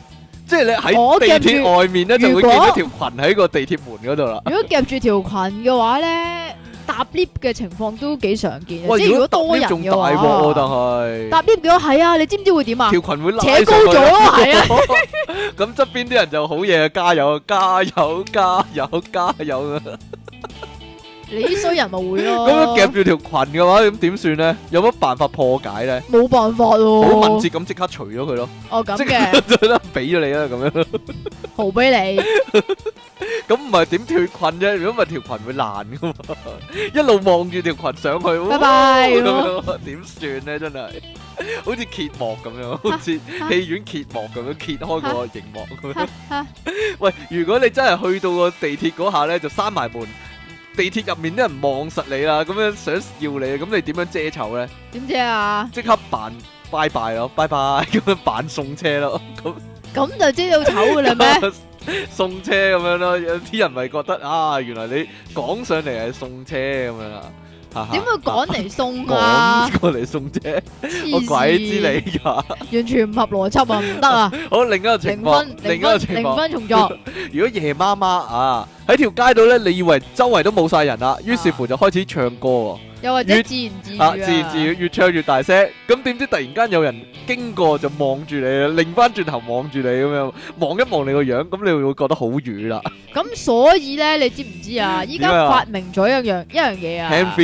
即係你喺地鐵外面咧就會見到條裙喺個地鐵門嗰度啦。如果夾住條裙嘅話咧。搭 lift 嘅情況都幾常見，嘩即係如果多人嘅話，搭 lift 點啊？係啊，你知唔知會點啊？條裙會扯高咗咯，係啊！咁側邊啲人就好嘢，啊，加油，啊！加油，加油，加油啊！ 你啲衰人咪會咯？咁樣夾住條裙嘅話，咁點算咧？有乜辦法破解咧？冇辦法咯。好敏捷咁即刻除咗佢咯。哦，咁嘅。俾咗你啦，咁樣。好俾你。咁唔係點脫裙啫？如果唔係條裙會爛噶嘛。一路望住條裙上去。拜拜。咁樣點算咧？真係好似揭幕咁樣，好似戲院揭幕咁樣揭開個熒幕咁樣。喂，如果你真係去到個地鐵嗰下咧，就閂埋門。地鐵入面啲人望實你啦，咁樣想笑你，咁你點樣遮醜咧？點遮啊？即刻扮拜拜咯，拜拜咁樣扮送車咯，咁 咁就遮到醜嘅啦咩？ 送車咁樣咯，有啲人咪覺得啊，原來你講上嚟係送車咁樣啊。點會趕嚟送啊？趕 過嚟送啫， 經 我鬼知你噶 完全唔合邏輯啊，唔得啊！好，另一個情況，零分，另一個情況，零分，零分重作。 如果夜媽媽啊喺條街度咧，你以為周圍都冇晒人啦，於是乎就開始唱歌。啊又或者越自言自語啊，自言自語越唱越大聲。咁點知突然間有人經過就望住你啦，擰翻轉頭望住你咁樣，望一望你個樣，咁你會覺得好瘀啦。咁所以咧，你知唔知啊？依家發明咗一樣一樣嘢啊，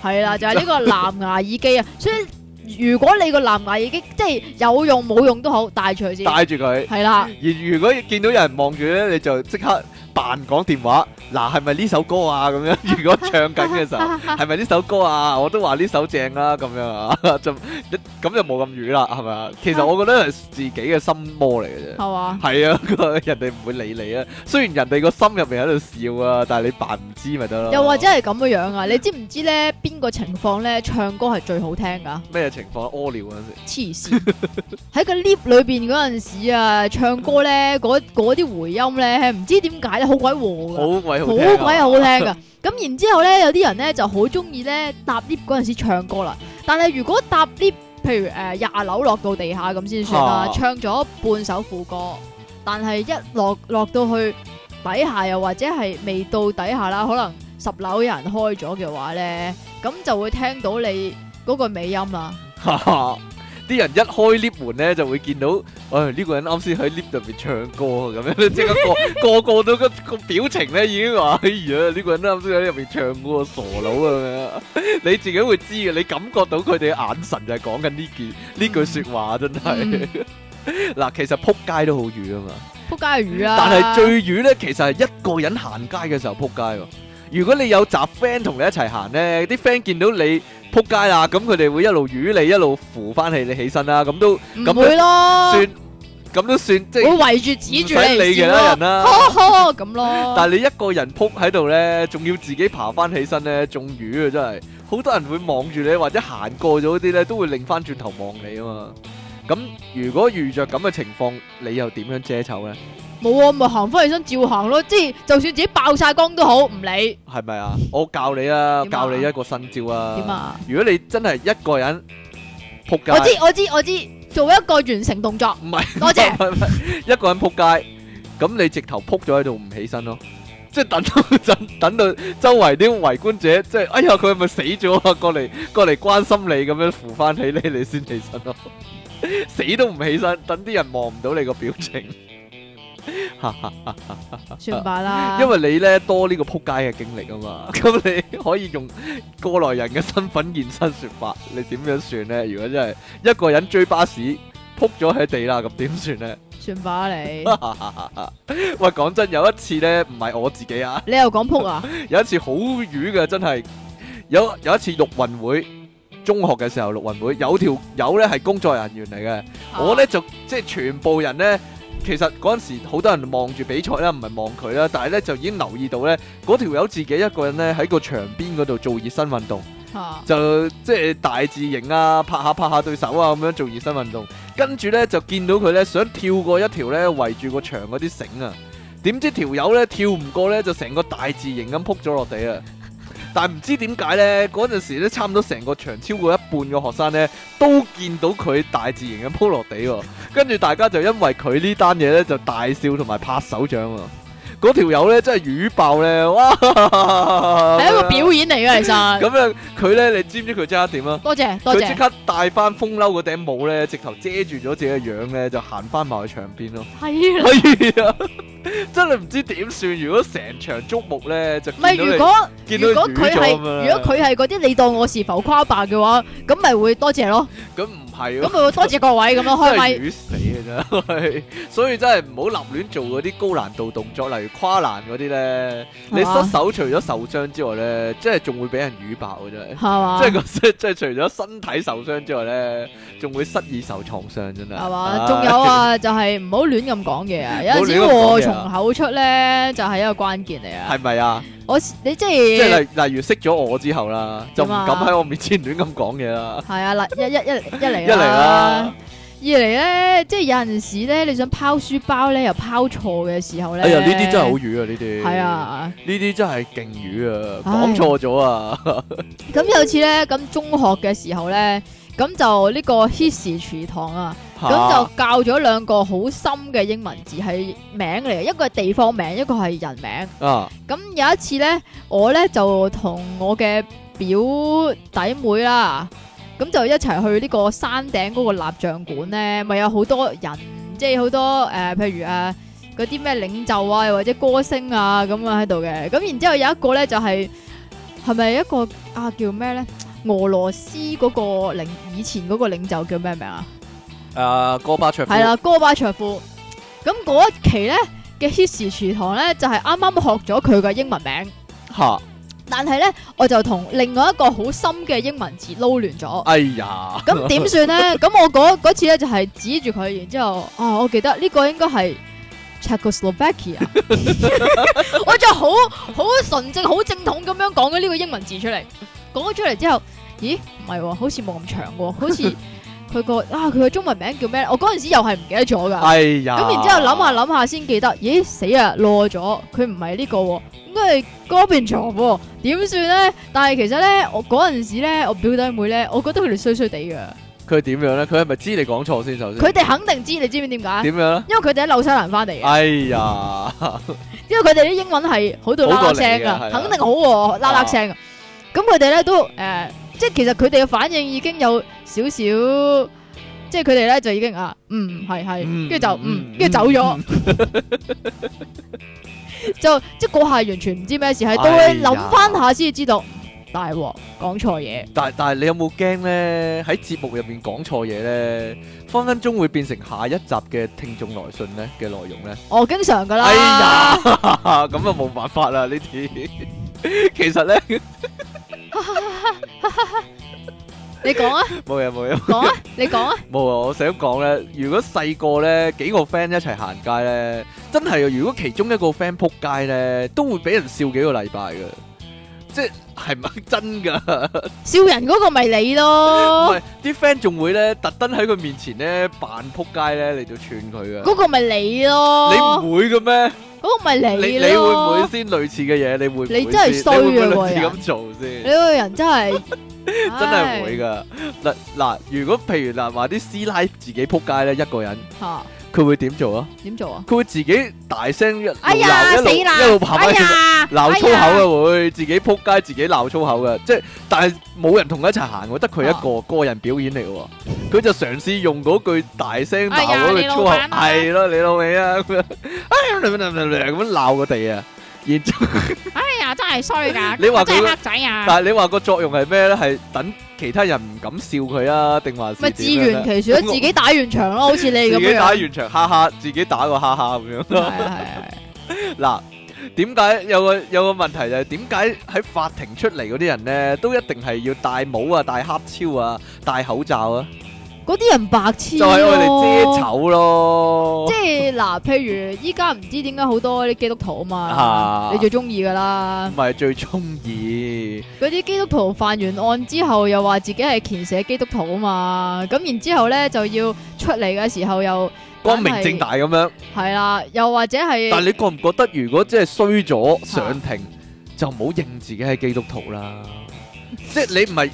係啦，就係呢個藍牙耳機啊。所以如果你個藍牙耳機即係有用冇用都好，帶住佢先。帶住佢。係啦。而如果見到有人望住咧，你就即刻。扮講電話嗱，係咪呢首歌啊？咁樣，如果唱緊嘅時候係咪呢首歌啊？我都話呢首正啦，咁樣啊，樣就咁就冇咁瘀啦，係咪啊？其實我覺得係自己嘅心魔嚟嘅啫，係啊吧，係啊，人哋唔會理你啊。雖然人哋個心入面喺度笑啊，但係你扮唔知咪得咯。又或者係咁嘅樣啊？你知唔知咧邊個情況咧唱歌係最好聽㗎？咩情況？屙尿嗰陣時？黐線！喺個 lift 裏邊嗰陣時啊，唱歌咧嗰啲回音咧，唔知點解好鬼和嘅，好鬼好聽，好鬼係好聽㗎。咁然之後呢，有啲人呢就好中意呢搭 lift 嗰陣時唱歌啦。但係如果搭 lift，譬如誒廿樓落到地下咁先算啦，唱咗半首副歌，但係一落落到去底下又或者係未到底下啦，可能十樓有人開咗嘅話呢，咁就會聽到你嗰個尾音啦。啲人一開 lift 門呢，就會見到。哎，呢個人啱先喺 lift 入邊唱歌咁樣，即刻個個個都個個表情咧已經話，哎呀，呢個人都啱先喺入邊唱歌傻佬啊！你自己會知嘅，你感覺到佢哋嘅眼神就係講緊呢件呢句說話，真係。嗱，其實扑街都好瘀啊嘛，扑街係瘀啊。但係最瘀咧，其實係一個人行街嘅時候扑街。如果你有集 friend 同你一齊行呢，啲 friend 見到你扑街啦，咁佢哋會一路淤你，一路扶翻起你起身，啊、啦，咁都唔會算咁都算，即係圍住指住你，唔使理其他人啦。咁咯。但係你一個人扑喺度呢，仲要自己爬翻起身呢，中淤啊，真係。好多人會望住你，或者行過咗啲呢，都會擰翻轉頭望你啊嘛。咁如果遇着咁嘅情況，你又點樣遮醜呢？冇啊，咪行翻起身照行咯，即係就算自己爆晒光都好，唔理。係咪啊？我教你啊，教你一個新招啊。點啊？如果你真係一個人撲街，我知我知我知，做一個完成動作。唔係，多謝。唔係唔係，一個人撲街，咁你直頭撲咗喺度唔起身咯，即係等到陣等到周圍啲圍觀者，即係哎呀佢係咪死咗啊？過嚟過嚟關心你咁樣扶翻起你，你先起身咯。死都唔起身，等啲人望唔到你個表情。哈哈哈,哈！算吧啦，因為你咧多呢個扑街嘅經歷啊嘛，咁 你可以用過來人嘅身份現身說法。你點樣算咧？如果真係一個人追巴士扑咗喺地啦，咁點算咧？算吧你！ 喂，講真，有一次咧，唔係我自己啊，你又講扑啊 有有？有一次好瘀嘅，真係有有一次，陸運會中學嘅時候，陸運會有條友咧係工作人員嚟嘅，啊、我咧就即係全部人咧。其實嗰陣時好多人望住比賽啦，唔係望佢啦，但係咧就已經留意到咧，嗰條友自己一個人咧喺個牆邊嗰度做熱身運動，啊、就即係大字型啊，拍下拍下對手啊，咁樣做熱身運動，跟住咧就見到佢咧想跳過一條咧圍住個牆嗰啲繩啊，點知條友咧跳唔過咧，就成個大字型咁撲咗落地啊！但唔知點解呢，嗰陣時差唔多成個場超過一半嘅學生呢，都見到佢大字形咁鋪落地喎。跟住大家就因為佢呢單嘢呢，就大笑同埋拍手掌喎。嗰條友咧真係瘀爆咧，哇哈哈哈哈！係一個表演嚟嘅，其實。 咁樣佢咧，你知唔知佢即刻點啊多？多謝多謝。佢即刻帶翻風褸嗰頂帽咧，直頭遮住咗自己嘅樣咧，就行翻埋去牆邊咯。係啊啦！ 真係唔知點算，如果成場矚目咧，就。唔係，如果如果佢係 如果佢係嗰啲你當我是浮誇吧嘅話，咁咪會多謝咯。咁係咁，我 多謝各位咁咯，開咪。 瘀死嘅真 所以真係唔好立亂做嗰啲高難度動作，例如跨欄嗰啲咧。吧你失手除咗受傷之外咧，即係仲會俾人瘀爆嘅真係。係嘛？即係即係除咗身體受傷之外咧，仲會失意受創傷真係。係嘛吧？仲 有啊，就係唔好亂咁講嘢啊，有陣 時禍從口出咧，就係、是、一個關鍵嚟啊。係咪啊？我你即係即係例例如識咗我之後啦，啊、就唔敢喺我面前亂咁講嘢啦。係啊，嚟一一一一嚟啊！一嚟啦，二嚟咧，即係有陣時咧，你想拋書包咧，又拋錯嘅時候咧。哎呀，呢啲真係好魚啊！呢啲係啊，呢啲真係勁魚啊，講錯咗啊！咁唉 有次咧，咁中學嘅時候咧，咁就呢個 History 廚堂啊。咁就教咗兩個好深嘅英文字係名嚟，一個係地方名，一個係人名。咁、uh. 有一次呢，我呢就同我嘅表弟妹啦，咁就一齊去呢個山頂嗰個蠟像館呢。咪、嗯、有好多人，即係好多誒、呃，譬如啊嗰啲咩領袖啊，又或者歌星啊咁樣喺度嘅。咁然之後有一個呢，就係係咪一個啊叫咩呢？俄羅斯嗰個領，以前嗰個領袖叫咩名啊？誒，戈巴卓夫係啦，戈巴卓夫。咁嗰一期咧，嘅 h i s 時池塘咧，就係啱啱學咗佢嘅英文名。吓哈，但係咧，我就同另外一個好深嘅英文字撈亂咗。哎呀，咁點算咧？咁 我嗰次咧就係、是、指住佢，然之後啊，我記得呢、這個應該係 Czechoslovakia。我就好好純正、好正統咁樣講咗呢個英文字出嚟，講咗出嚟之後，咦，唔係、啊，好似冇咁長嘅，好似。 佢個啊，佢個中文名叫咩？我嗰陣時又係唔記得咗噶，哎呀，咁然之後諗下諗下先記得，咦死啊，落咗，佢唔係呢個，應該係嗰邊床，點算咧？但係其實咧，我嗰陣時咧，我表弟妹咧，我覺得佢哋衰衰哋噶。佢點樣咧？佢係咪知你講錯先？首先，佢哋肯定知，你知唔知點解？點樣？因為佢哋喺紐西蘭翻嚟。哎呀，因為佢哋啲英文係好到啦啦聲噶，肯定好喎，啦啦聲。咁佢哋咧都誒。即係其實佢哋嘅反應已經有少少，即係佢哋咧就已經啊，嗯係係，跟住就嗯跟住走咗， 就即係嗰下完全唔知咩事，係到佢諗翻下先至知道大鑊講錯嘢。但係但係你有冇驚咧？喺節目入面講錯嘢咧，分分鐘會變成下一集嘅聽眾來信咧嘅內容咧。哦，經常噶啦。哎呀，咁啊冇辦法啦呢啲。其實咧。 你講說啊，冇嘢冇嘢，講啊，你講啊，冇啊， 我想講咧，如果細個咧幾個 friend 一齊行街咧，真係啊，如果其中一個 friend 仆街咧，都會俾人笑幾個禮拜㗎。即係係咪真噶？笑人嗰個咪你咯，唔係啲 friend 仲會咧特登喺佢面前咧扮扑街咧嚟到串佢噶。嗰個咪你咯，你唔會嘅咩？嗰個咪你咯，你會唔會先類似嘅嘢？你會唔會你真係衰類似咁做先？你個人真係真係會噶嗱嗱，如果譬如嗱話啲師奶自己扑街咧，一個人吓。佢會點做啊？點做啊？佢會自己大聲一鬧一路、哎、呀一路喊啊！鬧粗口啊，會、哎、呀自己扑街，自己鬧粗口嘅，即係但係冇人同佢一齊行，我得佢一個個人表演嚟嘅，佢、啊、就嘗試用嗰句大聲鬧嗰句粗口，係咯，你老味啊！哎呀，咁 樣鬧個地啊，然、哎呀。 真係衰噶，你話佢黑仔啊！但係你話個作用係咩咧？係等其他人唔敢笑佢啊？定話係自圓其說，自己打完場咯，好似你咁樣，自己打完場，哈哈，自己打個哈哈咁樣咯。係係係。嗱，點解有個有個問題就係點解喺法庭出嚟嗰啲人咧，都一定係要戴帽啊、戴黑超啊、戴口罩啊？嗰啲人白癡、啊、咯 就，就喺佢哋遮醜咯。即係嗱，譬如依家唔知點解好多啲基督徒啊嘛， 你最中意噶啦，唔係最中意。嗰啲基督徒犯完案之後，又話自己係牽涉基督徒啊嘛，咁然之後咧就要出嚟嘅時候又光明正大咁樣。係啦，又或者係。但係你覺唔覺，覺得，如果即係衰咗上庭， 就唔好認自己係基督徒啦。即係你唔係。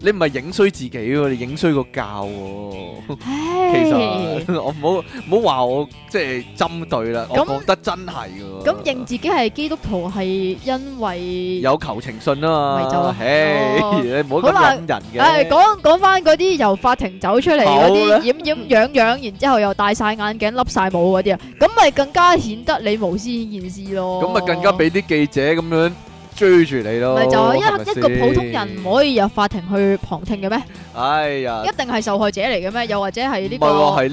你唔係影衰自己喎，你影衰個教喎、啊。 其實 我唔好唔好話我即係針對啦，嗯、我覺得真係喎。咁、嗯、認自己係基督徒係因為有求情信啊嘛。誒，唔、 哎、好咁人嘅。誒、呃，講講翻嗰啲由法庭走出嚟嗰啲，掩掩養養，然之後又戴晒眼鏡、笠晒帽嗰啲啊，咁咪更加顯得你無私焉事咯。咁咪 更加俾啲記者咁樣。追住你咯，咪就一個係咪一個普通人唔可以入法庭去旁聽嘅咩？哎呀，一定係受害者嚟嘅咩？又或者係呢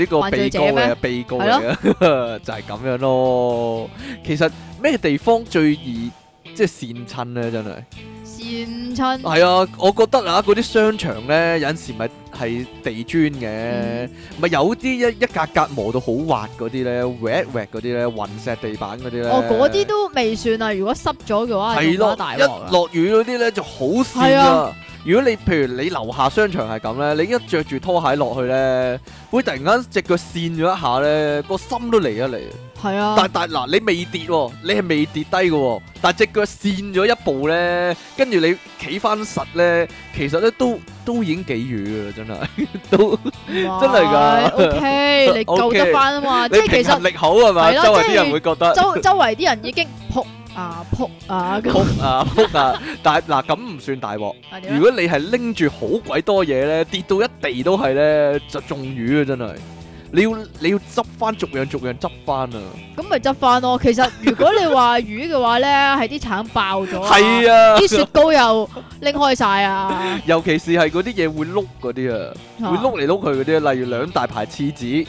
個犯罪者咩？唔係喎，係呢個被告嘅被告嚟嘅， 就係咁樣咯。其實咩地方最易即係、就是、跣親咧？真係跣親係啊！我覺得啊，嗰啲商場咧，有時咪～係地磚嘅，咪、嗯、有啲一一格格磨到好滑嗰啲咧，wet wet 嗰啲咧，雲石地板嗰啲咧，哦，嗰啲都未算啊！如果濕咗嘅話，係喏一大一落雨嗰啲咧就好跣啊！如果你譬如你樓下商場係咁咧，你一着住拖鞋落去咧，會突然間隻腳跣咗一下咧，個心都離一離！係啊！但但嗱，你未跌、哦，你係未跌低嘅，但係隻腳跣咗一步咧，跟住你企翻實咧，其實咧都。都都已經幾瘀嘅啦，真係都哇真係噶。O、okay, K，你救得翻啊嘛？ okay，即係其實力好係嘛？係咯吧，即係啲人會覺得、就是、周周圍啲人已經 撲啊撲啊咁。撲啊撲 啊！但係嗱咁唔算大鑊。如果你係拎住好鬼多嘢咧，跌到一地都係咧，就仲瘀㗎真係。你要你要執翻，逐樣逐樣執翻啊！咁咪執翻咯。其實如果你話魚嘅話咧，係啲 橙爆咗，係啊。啲雪糕又拎開晒啊！尤其是係嗰啲嘢會碌嗰啲啊，會碌嚟碌去嗰啲，例如兩大排廁紙，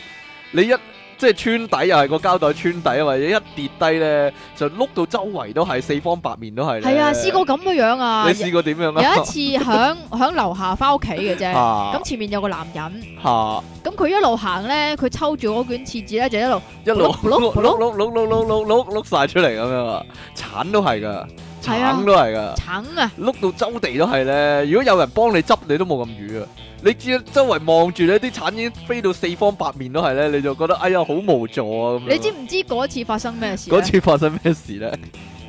你一。即係穿底又係個膠袋穿底，或者一跌低咧就碌到周圍都係四方八面都係。係啊，試過咁嘅樣啊！你試過點樣啊？有一次響響樓下返屋企嘅啫，咁前面有個男人，咁佢一路行咧，佢抽住嗰卷廁紙咧就一路碌碌碌碌碌碌碌碌碌碌碌曬出嚟咁樣啊！慘都係噶，慘都係噶，慘啊！碌到周地都係咧，如果有人幫你執，你都冇咁瘀啊！你知周圍望住呢啲殘煙飛到四方八面都係咧，你就覺得哎呀好無助啊！咁你知唔知嗰次發生咩事？嗰次發生咩事咧？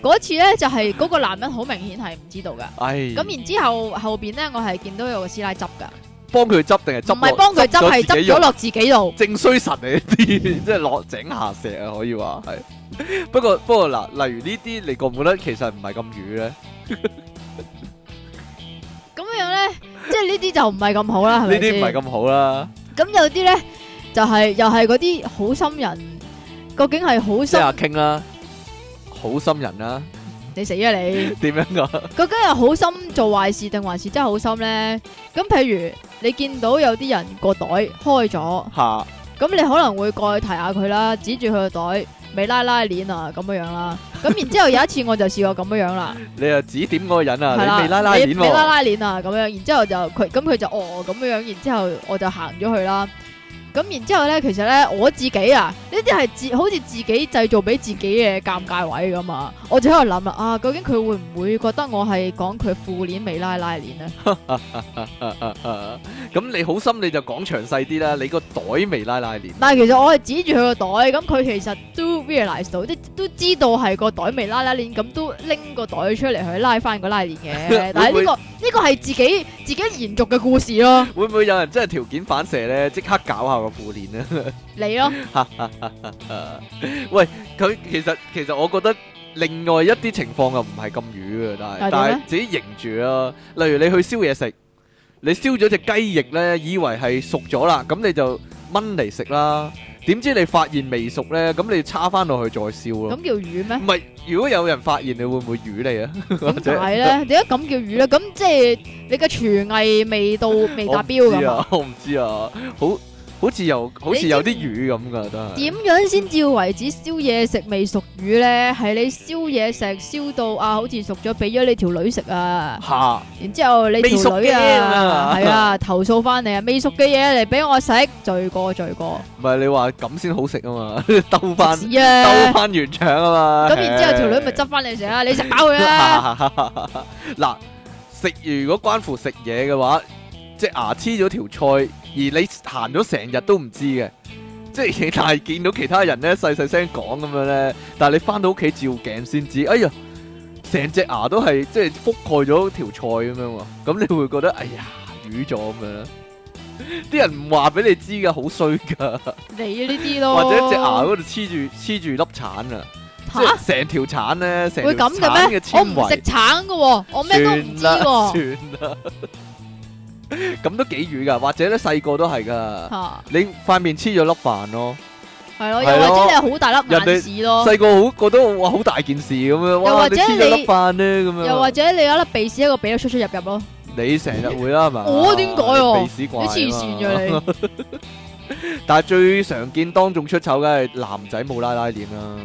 嗰次咧就係嗰個男人好明顯係唔知道噶。唉、哎。咁然之後後邊咧，我係見到有個師奶執噶，幫佢執定係執唔係幫佢執係執咗落自己度。己正衰神嚟一啲，即係落井下石啊！可以話說係。 不過不過嗱，例如呢啲，你覺唔覺得其實唔係咁魚咧？ 咁樣咧，即係呢啲就唔係咁好啦，係咪先？呢啲唔係咁好啦。咁有啲咧，就係又係嗰啲好心人，究竟係好心啊，傾啦，好心人啦，你死啦你！點樣個？究竟係好心做壞事定壞事真係好心咧？咁譬如你見到有啲人個袋開咗，吓，咁你可能會過去提下佢啦，指住佢個袋。未拉拉鏈啊，咁樣樣啦。咁然之後有一次我就試過咁樣樣啦。 你又指點嗰個人啊？啦你未拉拉鏈、啊、拉拉鏈啊，咁樣。然之後就佢，咁佢就哦咁樣樣。然之後我就行咗去啦。咁然之後咧，其實咧我自己啊，呢啲係自好似自己製造俾自己嘅尷尬位咁啊！我就喺度諗啦，啊究竟佢會唔會覺得我係講佢褲鏈未拉拉鏈咧？咁、 嗯、你好心你就講詳細啲啦，你個袋未拉拉鏈，但係其實我係指住佢個袋，咁佢其實都 realize 到，即係都知道係個袋未拉拉鏈，咁都拎個袋出嚟去拉翻個拉鏈嘅。 會會但係、呢個、呢個呢、呢個係自己自己延續嘅故事咯、啊。 會唔會有人真係條件反射咧？即刻搞下？副連啦，你咯，喂，佢其實其實我覺得另外一啲情況又唔係咁魚嘅，但係但係自己認住啊。例如你去燒嘢食，你燒咗隻雞翼咧，以為係熟咗啦，咁你就炆嚟食啦。點知你發現未熟咧，咁你叉翻落去再燒咯。咁叫魚咩？唔係，如果有人發現你，會唔會魚你啊？唔係咧，點解咁叫魚咧？咁即係你嘅廚藝未到，未達標噶嘛？我唔知啊，好。好似有好似有啲魚咁噶，真係點樣先至為止燒嘢食未熟魚咧？係你燒嘢食燒到啊，好似熟咗俾咗你條女食啊！吓哈，然之後你條女啊，係啊， 啊投訴翻你啊，未熟嘅嘢嚟，俾我食，罪過罪過。唔係你話咁先好食啊嘛，兜翻兜翻完場啊嘛。咁 然之後條女咪執翻你食啊， 你食飽佢啊！嗱， 食魚如果關乎食嘢嘅話，隻牙黐咗條菜，而你行咗成日都唔知嘅，即係你但係見到其他人咧細細聲講咁樣咧，但係你翻到屋企照鏡先知，哎呀，成隻牙都係即係覆蓋咗條菜咁樣喎，咁你會覺得哎呀瘀咗咁樣咧，啲人唔話俾你知嘅，好衰噶，你呢啲咯，或者一隻牙嗰度黐住黐住粒橙啊，成、啊、條橙咧，成條橙嘅纖維，會咁嘅咩？我唔食橙嘅、喔，我咩都唔知喎，算啦，算啦、啊。 咁都幾遠噶，或者咧細個都係噶，你塊面黐咗粒飯咯，係咯，又或者係好大粒鼻屎咯，細個好個都哇好大件事咁樣，又或者你黐咗粒飯咧，咁樣，又或者你有一粒鼻屎一個俾你出出入入咯，你成日會啦係嘛？我點改哦，鼻屎怪，黐線咗你，但係最常見當眾出醜嘅係男仔冇拉拉鏈啦。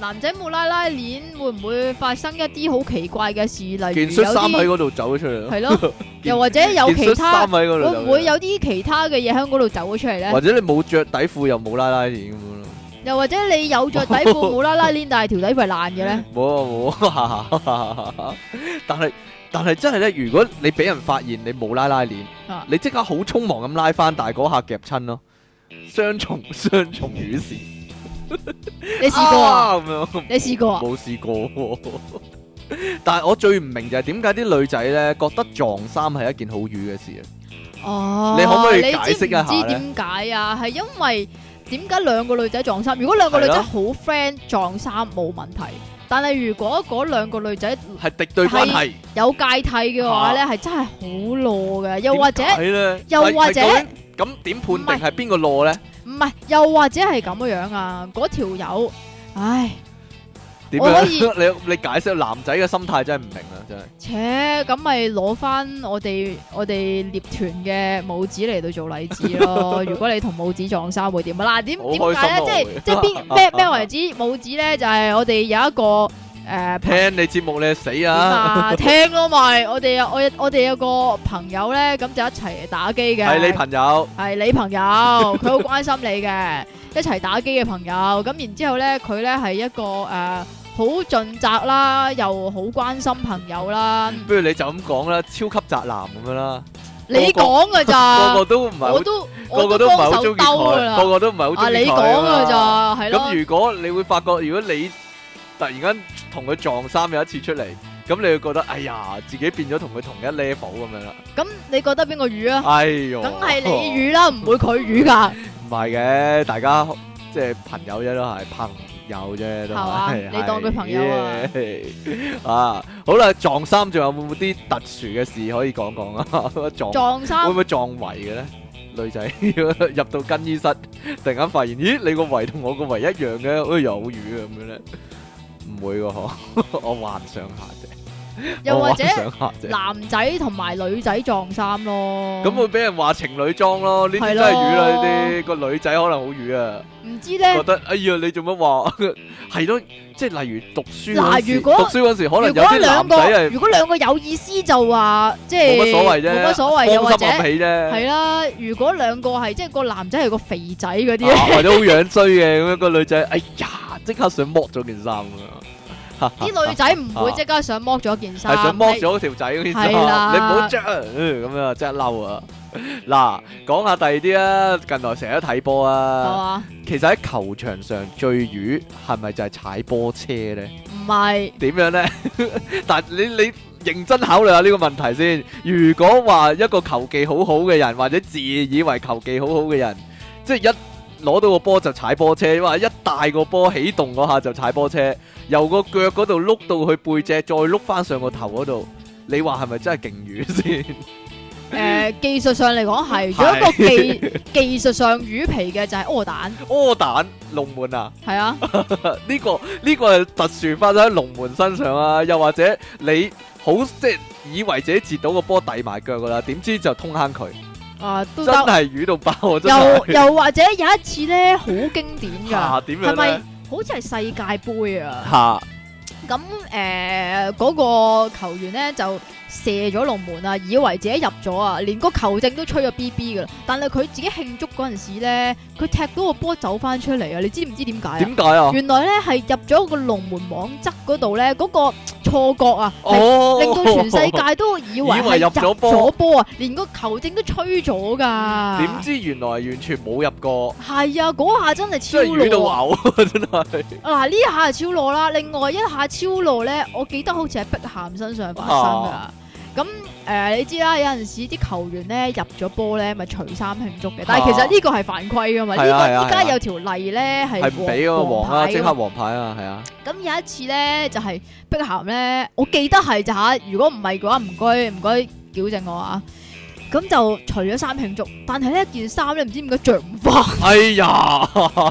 男仔冇拉拉鏈會唔會發生一啲好奇怪嘅事？例如有啲件恤衫喺嗰度走咗出嚟，係咯，又或者有其他件恤衫喺嗰度，會唔會有啲其他嘅嘢喺嗰度走咗出嚟咧？或者你冇着底褲又冇拉拉鏈咁樣咯？又或者你有着底褲冇拉拉鏈， 但係條底褲係爛嘅咧？冇啊冇啊，但係但係真係咧，如果你俾人發現你冇拉拉鏈，啊、你即刻好匆忙咁拉翻大嗰下夾親咯，雙重雙重雨事。你試過啊？你試過？冇試過。但係我最唔明就係點解啲女仔咧覺得撞衫係一件好瘀嘅事啊？哦，你可唔可以解釋下點解啊？係因為點解兩個女仔撞衫？如果兩個女仔好 friend 撞衫，冇問題，但係如果嗰兩個女仔係敵對關係，有芥蒂嘅話咧，係真係好瘀嘅，又或者又或者咁點判定係邊個瘀咧？唔係，又或者係咁樣啊？嗰條友，唉，啊、我可以 你你解釋男仔嘅心態真係唔明啊。真係。扯咁咪攞翻我哋我哋獵團嘅母子嚟到做例子咯。 如果你同母子撞衫會點 啊？嗱，點點解咧即？即係即係邊咩咩為止？母 子咧就係、是、我哋有一個。誒，聽你節目你死啊！咁啊，聽咯咪，我哋有我我哋有個朋友咧，咁就一齊打機嘅。係你朋友，係你朋友，佢好關心你嘅，一齊打機嘅朋友。咁然之後咧，佢咧係一個誒，好盡責啦，又好關心朋友啦。不如你就咁講啦，超級宅男咁樣啦。你講噶咋？個個都唔係好，都個個都唔係好中意，個個都唔係好，你講噶咋？係咁如果你會發覺，如果你突然間同佢撞衫有一次出嚟，咁你會覺得哎呀，自己變咗同佢同一 level 咁樣啦。咁你覺得邊個魚啊？哎喲，梗係你魚啦，唔會佢魚噶。唔係嘅，大家即係朋友啫都係，朋友啫都係。係嘛？你當佢朋友啊？啊，好啦，撞衫仲有冇啲特殊嘅事可以講講啊？撞衫會唔會撞圍嘅咧？女仔入到更衣室，突然間發現，咦，你個圍同我個圍一樣嘅，好似有魚咁樣咧。唔會喎嗬，我幻想下啫。又或者男仔同埋女仔撞衫咯，咁會俾人話情侶裝咯。呢啲真係瘀啦，呢啲個女仔可能好瘀啊。唔知咧，覺得哎呀，你做乜話？係咯，即係例如讀書嗰時，讀書嗰時可能有啲男仔。如果兩個，如果兩個有意思就話，即係冇乜所謂啫，冇乜所謂又或者係啦。如果兩個係即係個男仔係個肥仔嗰啲，或者好樣衰嘅咁樣個女仔，哎呀。即刻想剝咗件衫 啊！啲女仔唔會即刻想剝咗件衫，係想剝咗條仔件衫啦。你唔好着啊！咁樣啊，即係嬲啊！嗱，講下第二啲啊，近來成日睇波啊。啊其實喺球場上最魚係咪就係踩波車咧？唔係點樣咧？ 但你你，你認真考慮下呢個問題先。如果話一個球技好好嘅人，或者自以為球技好好嘅人，即係一。攞到個波就踩波車，哇！一大個波起動嗰下就踩波車，由個腳嗰度碌到去背脊，再碌翻上個頭嗰度，你話係咪真係勁魚先？誒、 呃，技術上嚟講係，如果個技 技術上魚皮嘅就係屙蛋，屙 蛋龍門啊！係 啊、 這個，呢、這個呢個係特殊發生喺龍門身上啊！又或者你好即係以為自己截到個波抵埋腳噶啦，點知就通坑佢。啊，都真係瘀到爆，又又或者有一次咧、啊，好經典噶，係咪？好似係世界杯啊，吓、啊，咁誒，嗰、呃嗰個球員咧就。射咗龍門啊！以為自己入咗啊，連個球證都吹咗 B B 噶。但係佢自己慶祝嗰陣時咧，佢踢到個波走翻出嚟啊！你知唔知點解啊？點解啊？原來咧係入咗個龍門網側嗰度咧，嗰、嗰個錯覺啊，哦、令到全世界都以為入咗波啊，連個球證都吹咗噶。點知原來完全冇入過。係、嗯、啊，嗰下真係超羅。真係。嗱呢、啊、下超羅啦，另外一下超羅咧，我記得好似喺碧咸身上發生噶。啊咁誒、呃，你知啦，有陣時啲球員咧入咗波咧，咪除衫慶祝嘅。啊、但係其實呢個係犯規㗎嘛，呢依家有條例咧係唔俾個黃牌、即刻黃牌啊，係啊。咁有一次咧就係碧咸咧，我記得係就嚇，如果唔係嘅話，唔該唔該矯正我啊。咁就除咗衫慶祝，但係呢件衫咧唔知點解着唔翻。哎呀，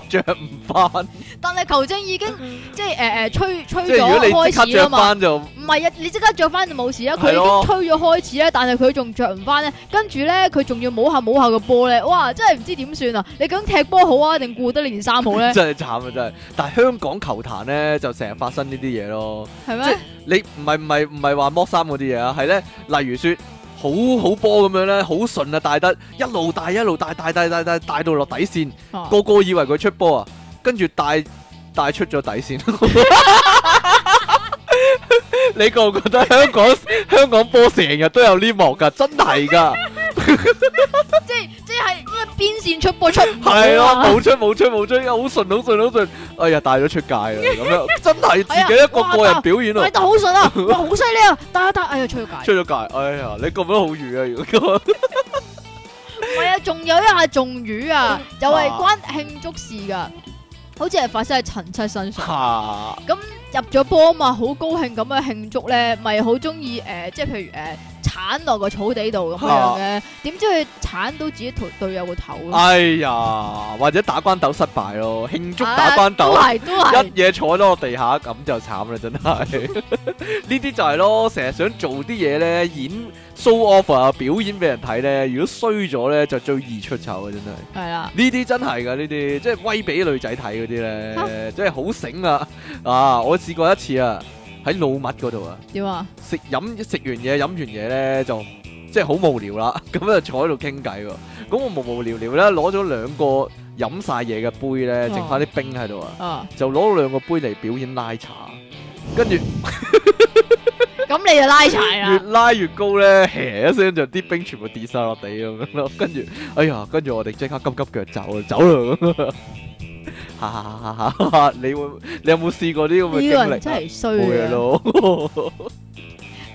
着唔翻。但係球證已經即係誒誒吹吹咗開始啦嘛。唔係啊，你即刻着翻就冇事啊。佢已經吹咗開始咧，對哦、但係佢仲着唔翻咧。跟住咧，佢仲要摸下摸下個波咧。哇，真係唔知點算啊！你究竟踢波好啊，定顧得呢件衫好咧？真係慘啊！真係。但係香港球壇咧就成日發生呢啲嘢咯。係咩嗎？你唔係唔係唔係話剝衫嗰啲嘢啊？係咧，例如說。好好波咁樣咧，好順啊，帶得，一路帶一路帶，帶帶帶帶帶，帶到落底線，啊、個個以為佢出波啊，跟住帶帶出咗底線， 你覺唔覺得香港香港波成日都有呢幕噶，真係噶？ 即係即係嗰邊線出波出唔到啊！冇出冇出冇出，出出好順好順好順，哎呀帶咗出界啦咁樣， 真係自己一個個人表演啊！但 係好順啊，哇好犀利啊，得得，哎呀出咗界，出咗界， 界，哎呀你咁樣好瘀啊！如果唔係啊，仲有一下仲瘀啊，又、就、係、是、關慶祝事噶，好似係發生喺陳七身上。咁哈入咗波嘛，好高興咁樣慶祝咧，咪好中意誒，即係譬如誒。呃呃呃呃呃鏟落個草地度咁樣嘅，點、啊、知佢鏟到自己隊隊友個頭？哎呀，或者打關斗失敗咯，慶祝打關斗，啊、都都一嘢坐咗落地下，咁就慘啦，真係。呢啲 就係咯，成日想做啲嘢咧，演 show offer 啊，表演俾人睇咧，如果衰咗咧，就最易出醜的啊，真係。係啊，呢啲真係噶，呢啲即係威俾女仔睇嗰啲咧，即係好醒啊！啊，我試過一次啊。喺老麥嗰度啊，點啊？食飲食完嘢飲完嘢咧，就即係好無聊啦。咁啊坐喺度傾偈喎。咁我無無聊聊咧，攞咗兩個飲晒嘢嘅杯咧，剩翻啲冰喺度啊。就攞兩個杯嚟表演拉茶，跟住咁你就拉茶啦。越拉越高咧，嘿一聲就啲冰全部跌晒落地咁樣咯。跟住哎呀，跟住我哋即刻急急腳走走啦。哈哈哈！哈哈， 你會你有冇試過呢咁嘅經歷？呢個人真係衰啊！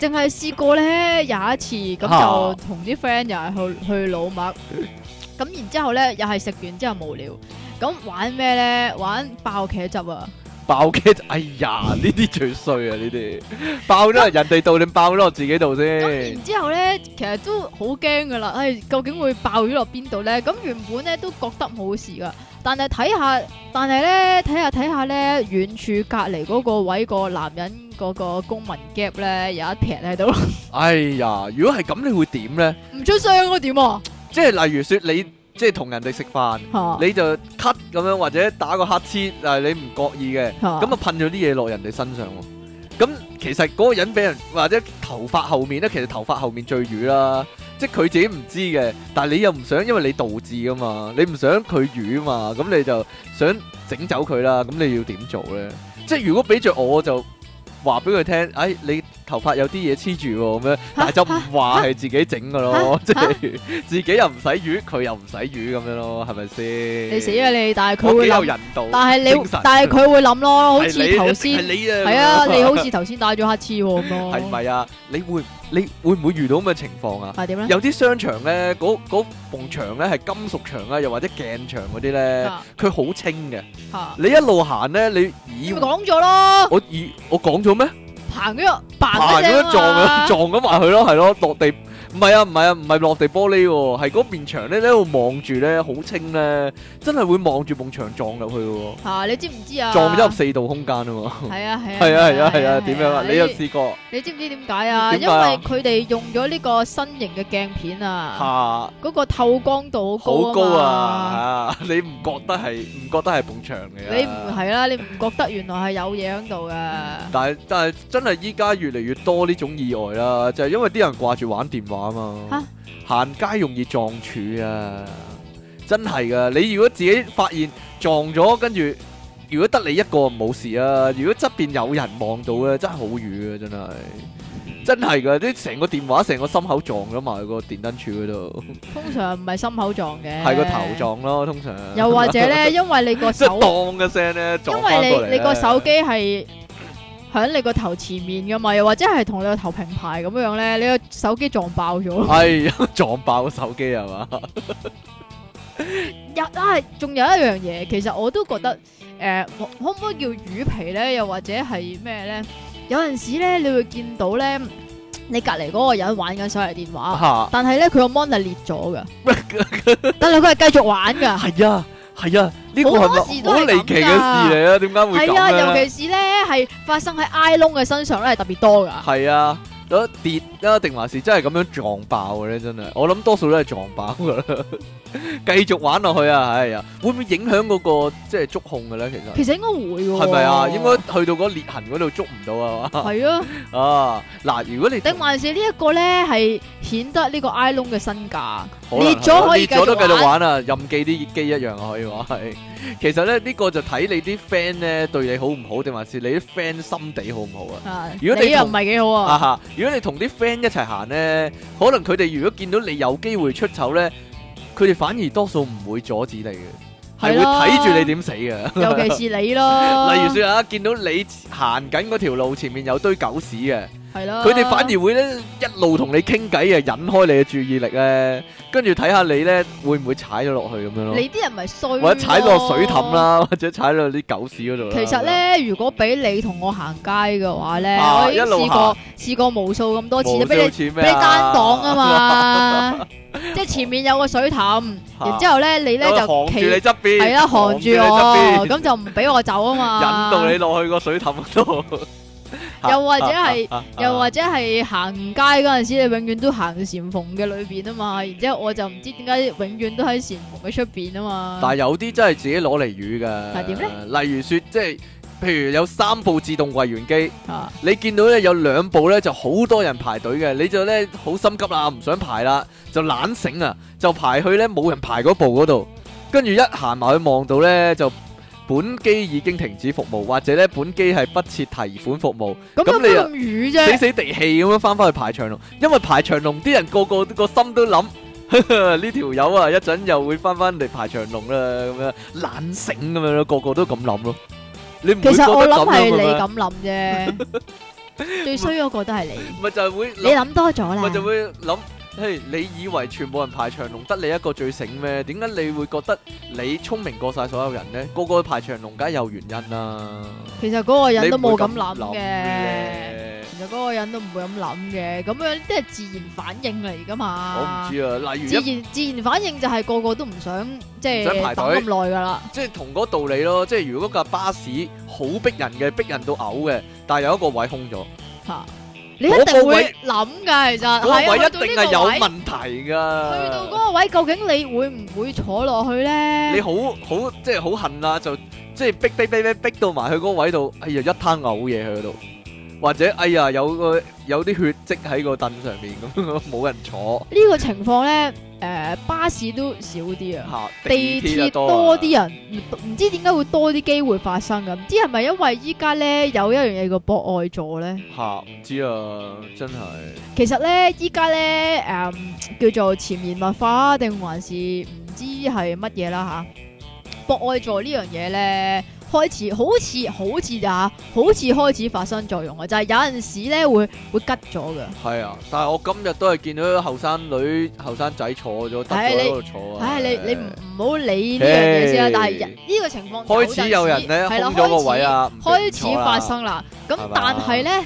淨係試過咧，有一次，咁就同啲 friend 又係去 去老麥，咁然之後咧又係食完之後無聊，咁玩咩咧？玩爆茄汁啊。爆嘅，哎呀，呢啲 最衰啊！呢啲爆咗人哋度定爆咗落自己度先？ 然之後咧，其實都好驚噶啦，哎，究竟會爆咗落邊度咧？咁原本咧都覺得冇事噶，但係睇下，但係咧睇下睇下咧，遠處隔籬嗰個位，嗰個男人嗰個公民 gap 咧有一劈喺度。哎呀，如果係咁你會點咧？唔出聲我點啊？啊即係例如說你。即係同人哋食飯，啊、你就咳咁樣，或者打個乞嗤，但係你唔覺意嘅，咁啊噴咗啲嘢落人哋身上。咁其實嗰個人俾人或者頭髮後面咧，其實頭髮後面最瘀啦。即係佢自己唔知嘅，但係你又唔想，因為你導致噶嘛，你唔想佢瘀啊嘛，咁你就想整走佢啦。咁你要點做咧？即係如果俾著我就話俾佢聽，哎你。頭髮有啲嘢黐住喎，咁樣，但係就唔話係自己整㗎咯，即係自己又唔使鬚，佢又唔使鬚咁樣咯，係咪先？你死啊你！但係佢會諗人道，但係你，但係佢會諗咯，好似頭先係啊，你好似頭先戴咗黑黐喎咁咯。係咪啊？你會你會唔會遇到咁嘅情況啊？係點咧？有啲商場咧，嗰埲牆咧係金屬牆啊，又或者鏡牆嗰啲咧，佢好清嘅。你一路行咧，你咦？咪講咗咯！我咦？我講咗咩？行咗，行咗撞咗，撞咗埋去咯，係咯，落地。唔係啊，唔係啊，唔係落地玻璃喎，係嗰面牆咧，你喺度望住咧，好清咧，真係會望住埲牆撞入去喎。嚇！你知唔知啊？撞入四度空間啊！係啊係啊係啊係啊！點樣啊你？你有試過你？你知唔知點解啊？因為佢哋用咗呢個新型嘅鏡片啊，嗰個透光度好高啊啊！啊你唔覺得係唔覺得係埲牆嘅、啊？就係、你唔係啦，你唔覺得原來係有嘢喺度噶？但係但係真係依家越嚟越多呢種意外啦，就係因為啲人掛住玩電話。吓！行街容易撞柱啊，真係噶！你如果自己發現撞咗，跟住如果得你一個就冇事啊，如果側邊有人望到咧，真係好瘀啊！真係，真係噶啲成個電話，成個心口撞咗埋個電燈柱嗰度。通常唔係心口撞嘅，係個頭撞咯。通常又或者咧，因為你個即係當嘅聲咧，因為你你個手機係。喺你個頭前面噶嘛，又或者係同你個頭平排咁樣咧，你個手機撞爆咗。係、哎、撞爆個手機係嘛？又 啊，仲有一樣嘢，其實我都覺得誒、呃，可唔可以叫魚皮咧？又或者係咩咧？有陣時咧，你會見到咧，你隔籬嗰個人玩緊手提電話，啊、但係咧佢個 mon 係裂咗噶， 但係佢係繼續玩噶，係啊。係呀，呢個好多時都係離奇嘅事嚟啊！點解會咁咧？係啊，尤其是咧係發生喺 I 龍嘅身上咧，係特別多噶。係啊，跌啦，定還是真係咁樣撞爆咧？真係，我諗多數都係撞爆噶啦。繼續玩落去啊，係啊，會唔會影響嗰個即係觸控嘅咧？其實其實應該會，係咪啊？應該去到嗰裂痕嗰度捉唔到啊？係啊，啊嗱，如果你定還是呢一個咧，係顯得呢個 I 龍嘅身價。熱咗可以繼續玩啊，任記啲熱機一樣啊，可以話係。其實咧呢個就睇你啲 friend 咧對你好唔好，定還是你啲 friend 心地好唔好啊？如果你又唔係幾好啊，如果你同啲 friend 一齊行咧，可能佢哋如果見到你有機會出醜咧，佢哋反而多數唔會阻止你嘅，係會睇住你點死嘅。尤其是你咯，例如說啊，見到你行緊嗰條路前面有堆狗屎嘅。係咯，佢哋反而會咧一路同你傾偈啊，引開你嘅注意力咧，跟住睇下你咧會唔會踩咗落去咁樣咯。你啲人咪衰，或者踩落水凼，啦，或者踩落啲狗屎嗰度。其實咧，如果俾你同我行街嘅話咧，我一試過試過無數咁多次，俾你俾你單擋啊嘛，即係前面有個水凼，然之後咧你咧就行住你側邊，係啦，行住我，咁就唔俾我走啊嘛，引到你落去個水凼度。又或者係，啊啊啊、又或者係行街嗰陣時，啊、你永遠都行到蟬縫嘅裏邊啊嘛。然之後我就唔知點解永遠都喺蟬縫嘅出邊啊嘛。但係有啲真係自己攞嚟魚㗎。但係點咧？例如說，即係，譬如有三部自動櫃員機，啊、你見到咧有兩部咧就好多人排隊嘅，你就咧好心急啦，唔想排啦，就懶醒啊，就排去咧冇人排嗰部嗰度，跟住一行埋去望到咧就。本機已經停止服務，或者咧本機係不設提款服務。咁有咁淤啫，死死地氣咁樣翻翻去排長龍，因為排長龍啲人個個個心都諗，呢條友啊一陣又會翻翻嚟排長龍啦，咁樣懶醒咁樣，個個都咁諗咯。你其實我諗係你咁諗啫，最衰嗰個都係你。咪就係會你諗多咗啦。咪就會諗。嘿，hey，你以為全部人排長龍得你一個最醒咩？點解你會覺得你聰明過晒所有人呢？個個排長龍梗係有原因啦，啊。其實嗰個人都冇咁諗嘅。其實嗰個人都唔會咁諗嘅。咁樣即係自然反應嚟噶嘛我唔知啊。例如自然自然反應就係個個都唔想即係等咁耐噶啦。即係同嗰個道理咯。即係如果架巴士好逼人嘅，逼人到嘔嘅，但係有一個位空咗。吓。啊你一定會諗噶，其實嗰個位一定係有問題噶。去到嗰個位，究竟你會唔會坐落去咧？你好好即係好恨啊！就即係逼逼逼逼逼到埋去嗰個位度，哎呀一攤嘔嘢去嗰度。或者哎呀，有個有啲血跡喺個凳上面咁，冇 人坐。呢個情況咧，誒、呃、巴士都少啲啊，地鐵多啲人，唔了知點解會多啲機會發生嘅，唔知係咪因為依家咧有一樣嘢叫博愛座咧嚇，唔知啊，真係。其實咧，依家咧誒叫做潛移默化定還是唔知係乜嘢啦嚇，博愛座呢樣嘢咧。開始好似好似就好似開始發生作用啊！就係、是、有陣時咧，會會吉咗嘅。係啊，但係我今日都係見到後生女、後生仔坐咗，喺嗰度坐啊！係你你唔好理呢樣嘢先啦。嘿但係呢個情況開始，開始有人咧佔咗個位、啊、啦，開始，開始發生啦。咁但係咧，誒吧、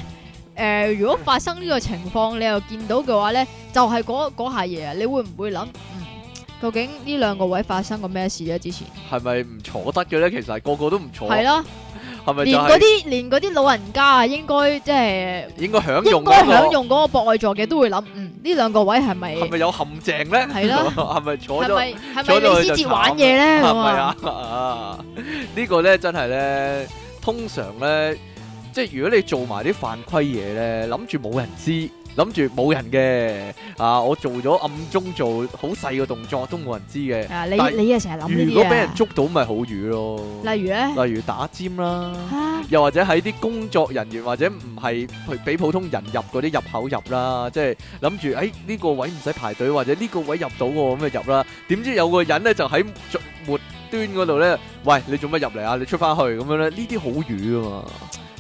呃、如果發生呢個情況，你又見到嘅話咧，就係、是、嗰下嘢，你會唔會諗？究竟呢兩個位發生過咩事咧？之前係咪唔坐得嘅咧？其實個個都唔坐。係咯、啊，係咪、即係、連嗰啲連啲老人家啊、即係，應該即係應該享用、嗰個、享用嗰個博愛座嘅，都會諗嗯呢兩個位係咪係咪有陷阱咧？係咯、啊，係咪 坐咗咪咗先至玩嘢咧？係係啊、 個呢個咧真係咧，通常咧即係如果你做埋啲犯規嘢咧，諗住冇人知。諗住冇人嘅啊！我做咗暗中做好細嘅動作，都冇人知嘅。啊，你但 你又成日諗呢啲啊？如果俾人捉到，咪好魚咯。例如咧？例如打尖啦，哈又或者喺啲工作人員或者唔係俾普通人入嗰啲入口入啦，即係諗住誒呢個位唔使排隊，或者呢個位入到喎、哦，咁就入啦。點知有個人咧就喺末端嗰度咧，喂，你做乜入嚟啊？你出翻去咁樣咧，呢啲好魚啊嘛！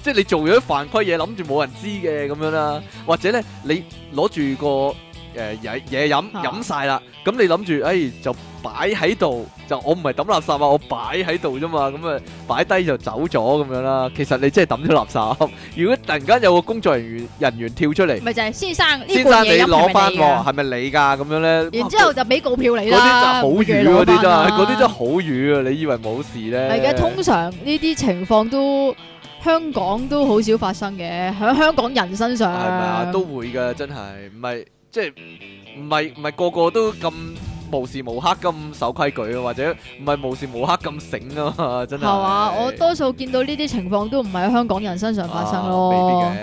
即係你做咗犯規嘢，諗住冇人知嘅咁樣啦，或者咧你攞住個誒嘢嘢飲飲晒啦，咁你諗住，哎就擺喺度，就我唔係抌垃圾啊，我擺喺度啫嘛，咁啊擺低就走咗咁樣啦。其實你真係抌咗垃圾。如果突然間有個工作人員人員跳出嚟，咪就係先生，呢罐嘢飲瓶嚟嘅。先生你攞翻喎，係咪你噶咁樣咧？然之後就俾告票你啦。嗰啲真係好魚嗰啲啊，嗰啲真係好魚啊！你以為冇事咧？係嘅，通常呢啲情況都。香港都好少發生嘅，喺香港人身上，都會嘅，真係唔係即係唔係唔係個個都咁無時無刻咁守規矩，或者唔係無時無刻咁醒啊，真係。係嘛？我多數見到呢啲情況都唔係喺香港人身上發生咯、啊。未必嘅、啊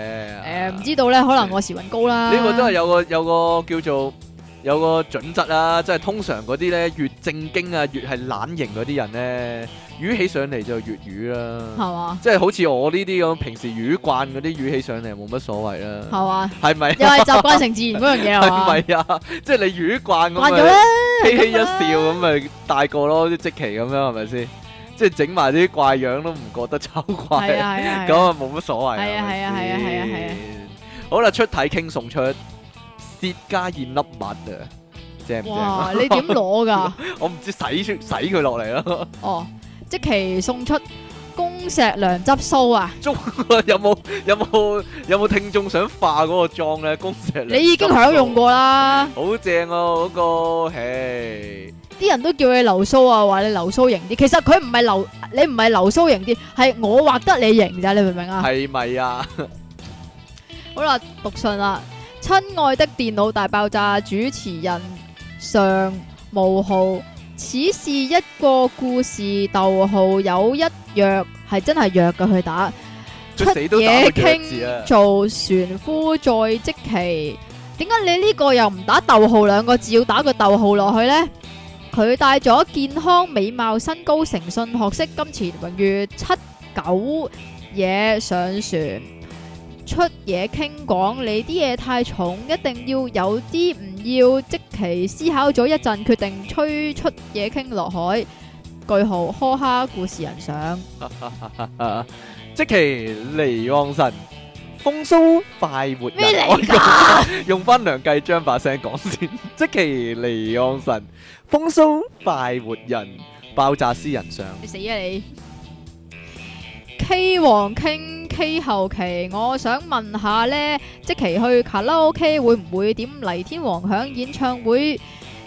呃、唔知道咧，可能我時運高啦。呢、呢個真係有個有個叫做有個準則啦、啊，即係通常嗰啲咧越正經啊，越係懶型嗰啲人咧。語起上嚟就粵語啦，係嘛？即係好似我呢啲咁平時語慣嗰啲語起上嚟冇乜所謂啦，係嘛？係咪又係習慣成自然嗰樣嘢啊？唔係啊，即係你語慣咗啊，嘿嘿一笑咁咪大個咯，即即期咁樣係咪先？即係整埋啲怪樣都唔覺得醜怪，咁啊冇乜所謂啊，係啊係啊係啊係啊！好啦，出體 king 送出薛家燕粒物啊，正唔正？哇！你點攞噶？我唔知洗出洗佢落嚟咯。哦。即期送出公石良執梳啊！中啊，有冇有冇有冇聽眾想化嗰個妝咧？公石良，你已經享用過啦，好正啊！嗰個，嘿，啲人都叫你流蘇啊，話你流蘇型啲，其實佢唔係流，你唔係流蘇型啲，係我畫得你型咋，你明唔明啊？係咪啊？好啦，讀信啦，親愛的電腦大爆炸主持人尚慕浩。此是一個故事，逗號有一約係真係約嘅去打出嘢傾，傾做船夫在積淇。點解你呢個又唔打逗號兩個字，要打個逗號落去呢？佢帶咗健康、美貌、身高、誠信學、學識、金錢、榮譽七九嘢，上船。出嘢傾講，你啲嘢太重，一定要有啲唔要。積淇思考咗一陣，決定吹出嘢傾落海。句號，呵哈，故事人上。積淇離岸神，風騷快活人。用翻良計，將把聲講先。積淇離岸神，風騷快活人，爆炸詩人上。你死啊你！K 王傾。K 後期，我想問下呢，積淇去卡拉 OK 會唔會點黎天王響演唱會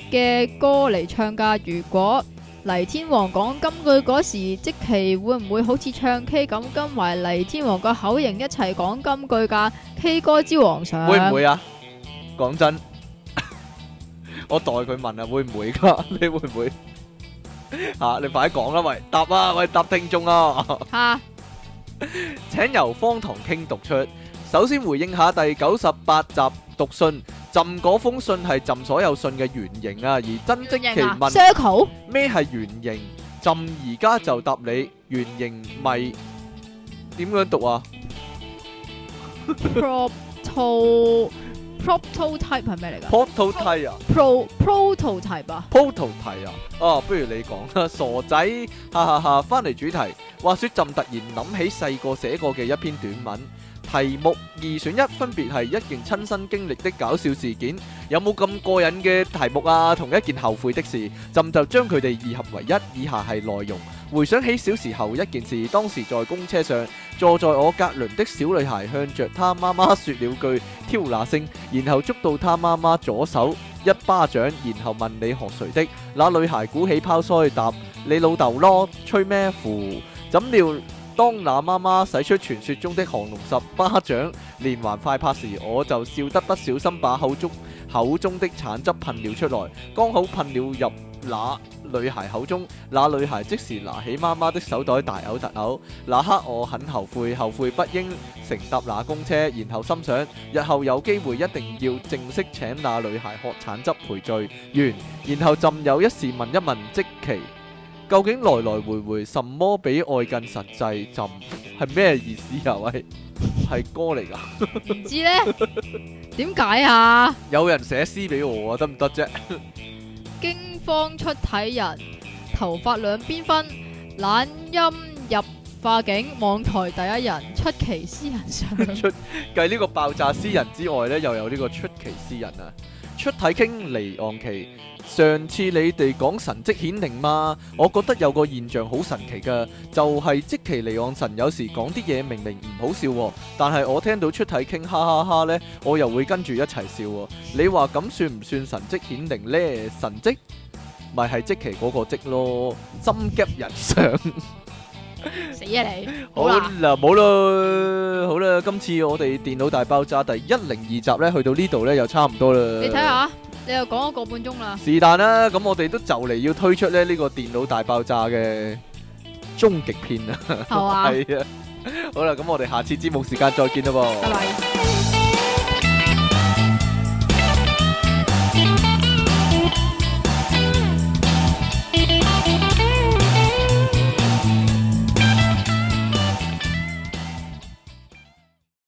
嘅歌嚟唱噶？如果黎天王講金句嗰時，積淇會唔會好似唱 K 咁，跟埋黎天王個口型一齊講金句噶？K 歌之王上會唔會啊？講真， 我代佢問啊，會唔會噶？ 你會唔會吓、啊？你快啲講啦，喂，答啊，喂，答聽眾啊。 請由方唐傾讀出。首先回應下第九十八集讀信，朕嗰封信係朕所有信嘅原型啊，而真正嘅問題係咩係原型？朕而家就答你，原型咪點樣讀啊 p r o prototype 係咩嚟噶？prototype 啊，pro prototype 啊，prototype 啊，哦、啊啊，不如你講，傻仔，哈哈哈，翻嚟主題。話說朕突然諗起細個寫過嘅一篇短文，題目二選一，分別係一件親身經歷的搞笑事件，有冇咁過癮嘅題目啊？同一件後悔的事，朕就將佢哋二合為一，以下係內容。回想起小時候一件事，當時在公車上坐在我隔鄰的小女孩，向着她媽媽說了句挑那聲，然後捉到她媽媽左手一巴掌，然後問你學誰的？那女孩鼓起泡腮答：你老豆咯，吹咩符？怎料當那媽媽使出傳說中的降龍十巴掌連環快拍時，我就笑得不小心把口中口中的橙汁噴了出來，剛好噴了入。那女孩口中，那女孩即時拿起媽媽的手袋大嘔特嘔。那刻我很後悔，後悔不應乘搭那公車。然後心想，日後有機會一定要正式請那女孩喝橙汁賠罪。完，然後朕有一時問一問積淇，究竟來來回回什麼比愛更實際？朕係咩意思啊？喂，係歌嚟噶？唔知呢，點解啊？有人寫詩俾我啊？得唔得啫？驚慌出體人，頭髮兩邊分，懶音入化境，網台第一人，出奇詩人上。除繼呢個爆炸詩人之外呢，又有呢個出奇詩人啊，出體傾離岸期。上次你哋講神蹟顯靈嘛？我覺得有個現象好神奇嘅，就係積淇離岸神有時講啲嘢，明明唔好笑喎，但係我聽到出體 king 哈哈哈，咧，我又會跟住一齊笑喎。你話咁算唔算神蹟顯靈呢？神蹟咪係積淇嗰個積咯，心急人上 死啊你！好嗱，冇咯，好啦，今次我哋電腦大爆炸第一零二集呢，去到呢度呢，又差唔多啦。你睇下。你又講咗個半鐘啦，是但啦，咁我哋都就嚟要推出咧呢個電腦大爆炸嘅終極片啦 好、啊， 係啊，好啦，咁我哋下次節目時間再見啦，喎，拜拜。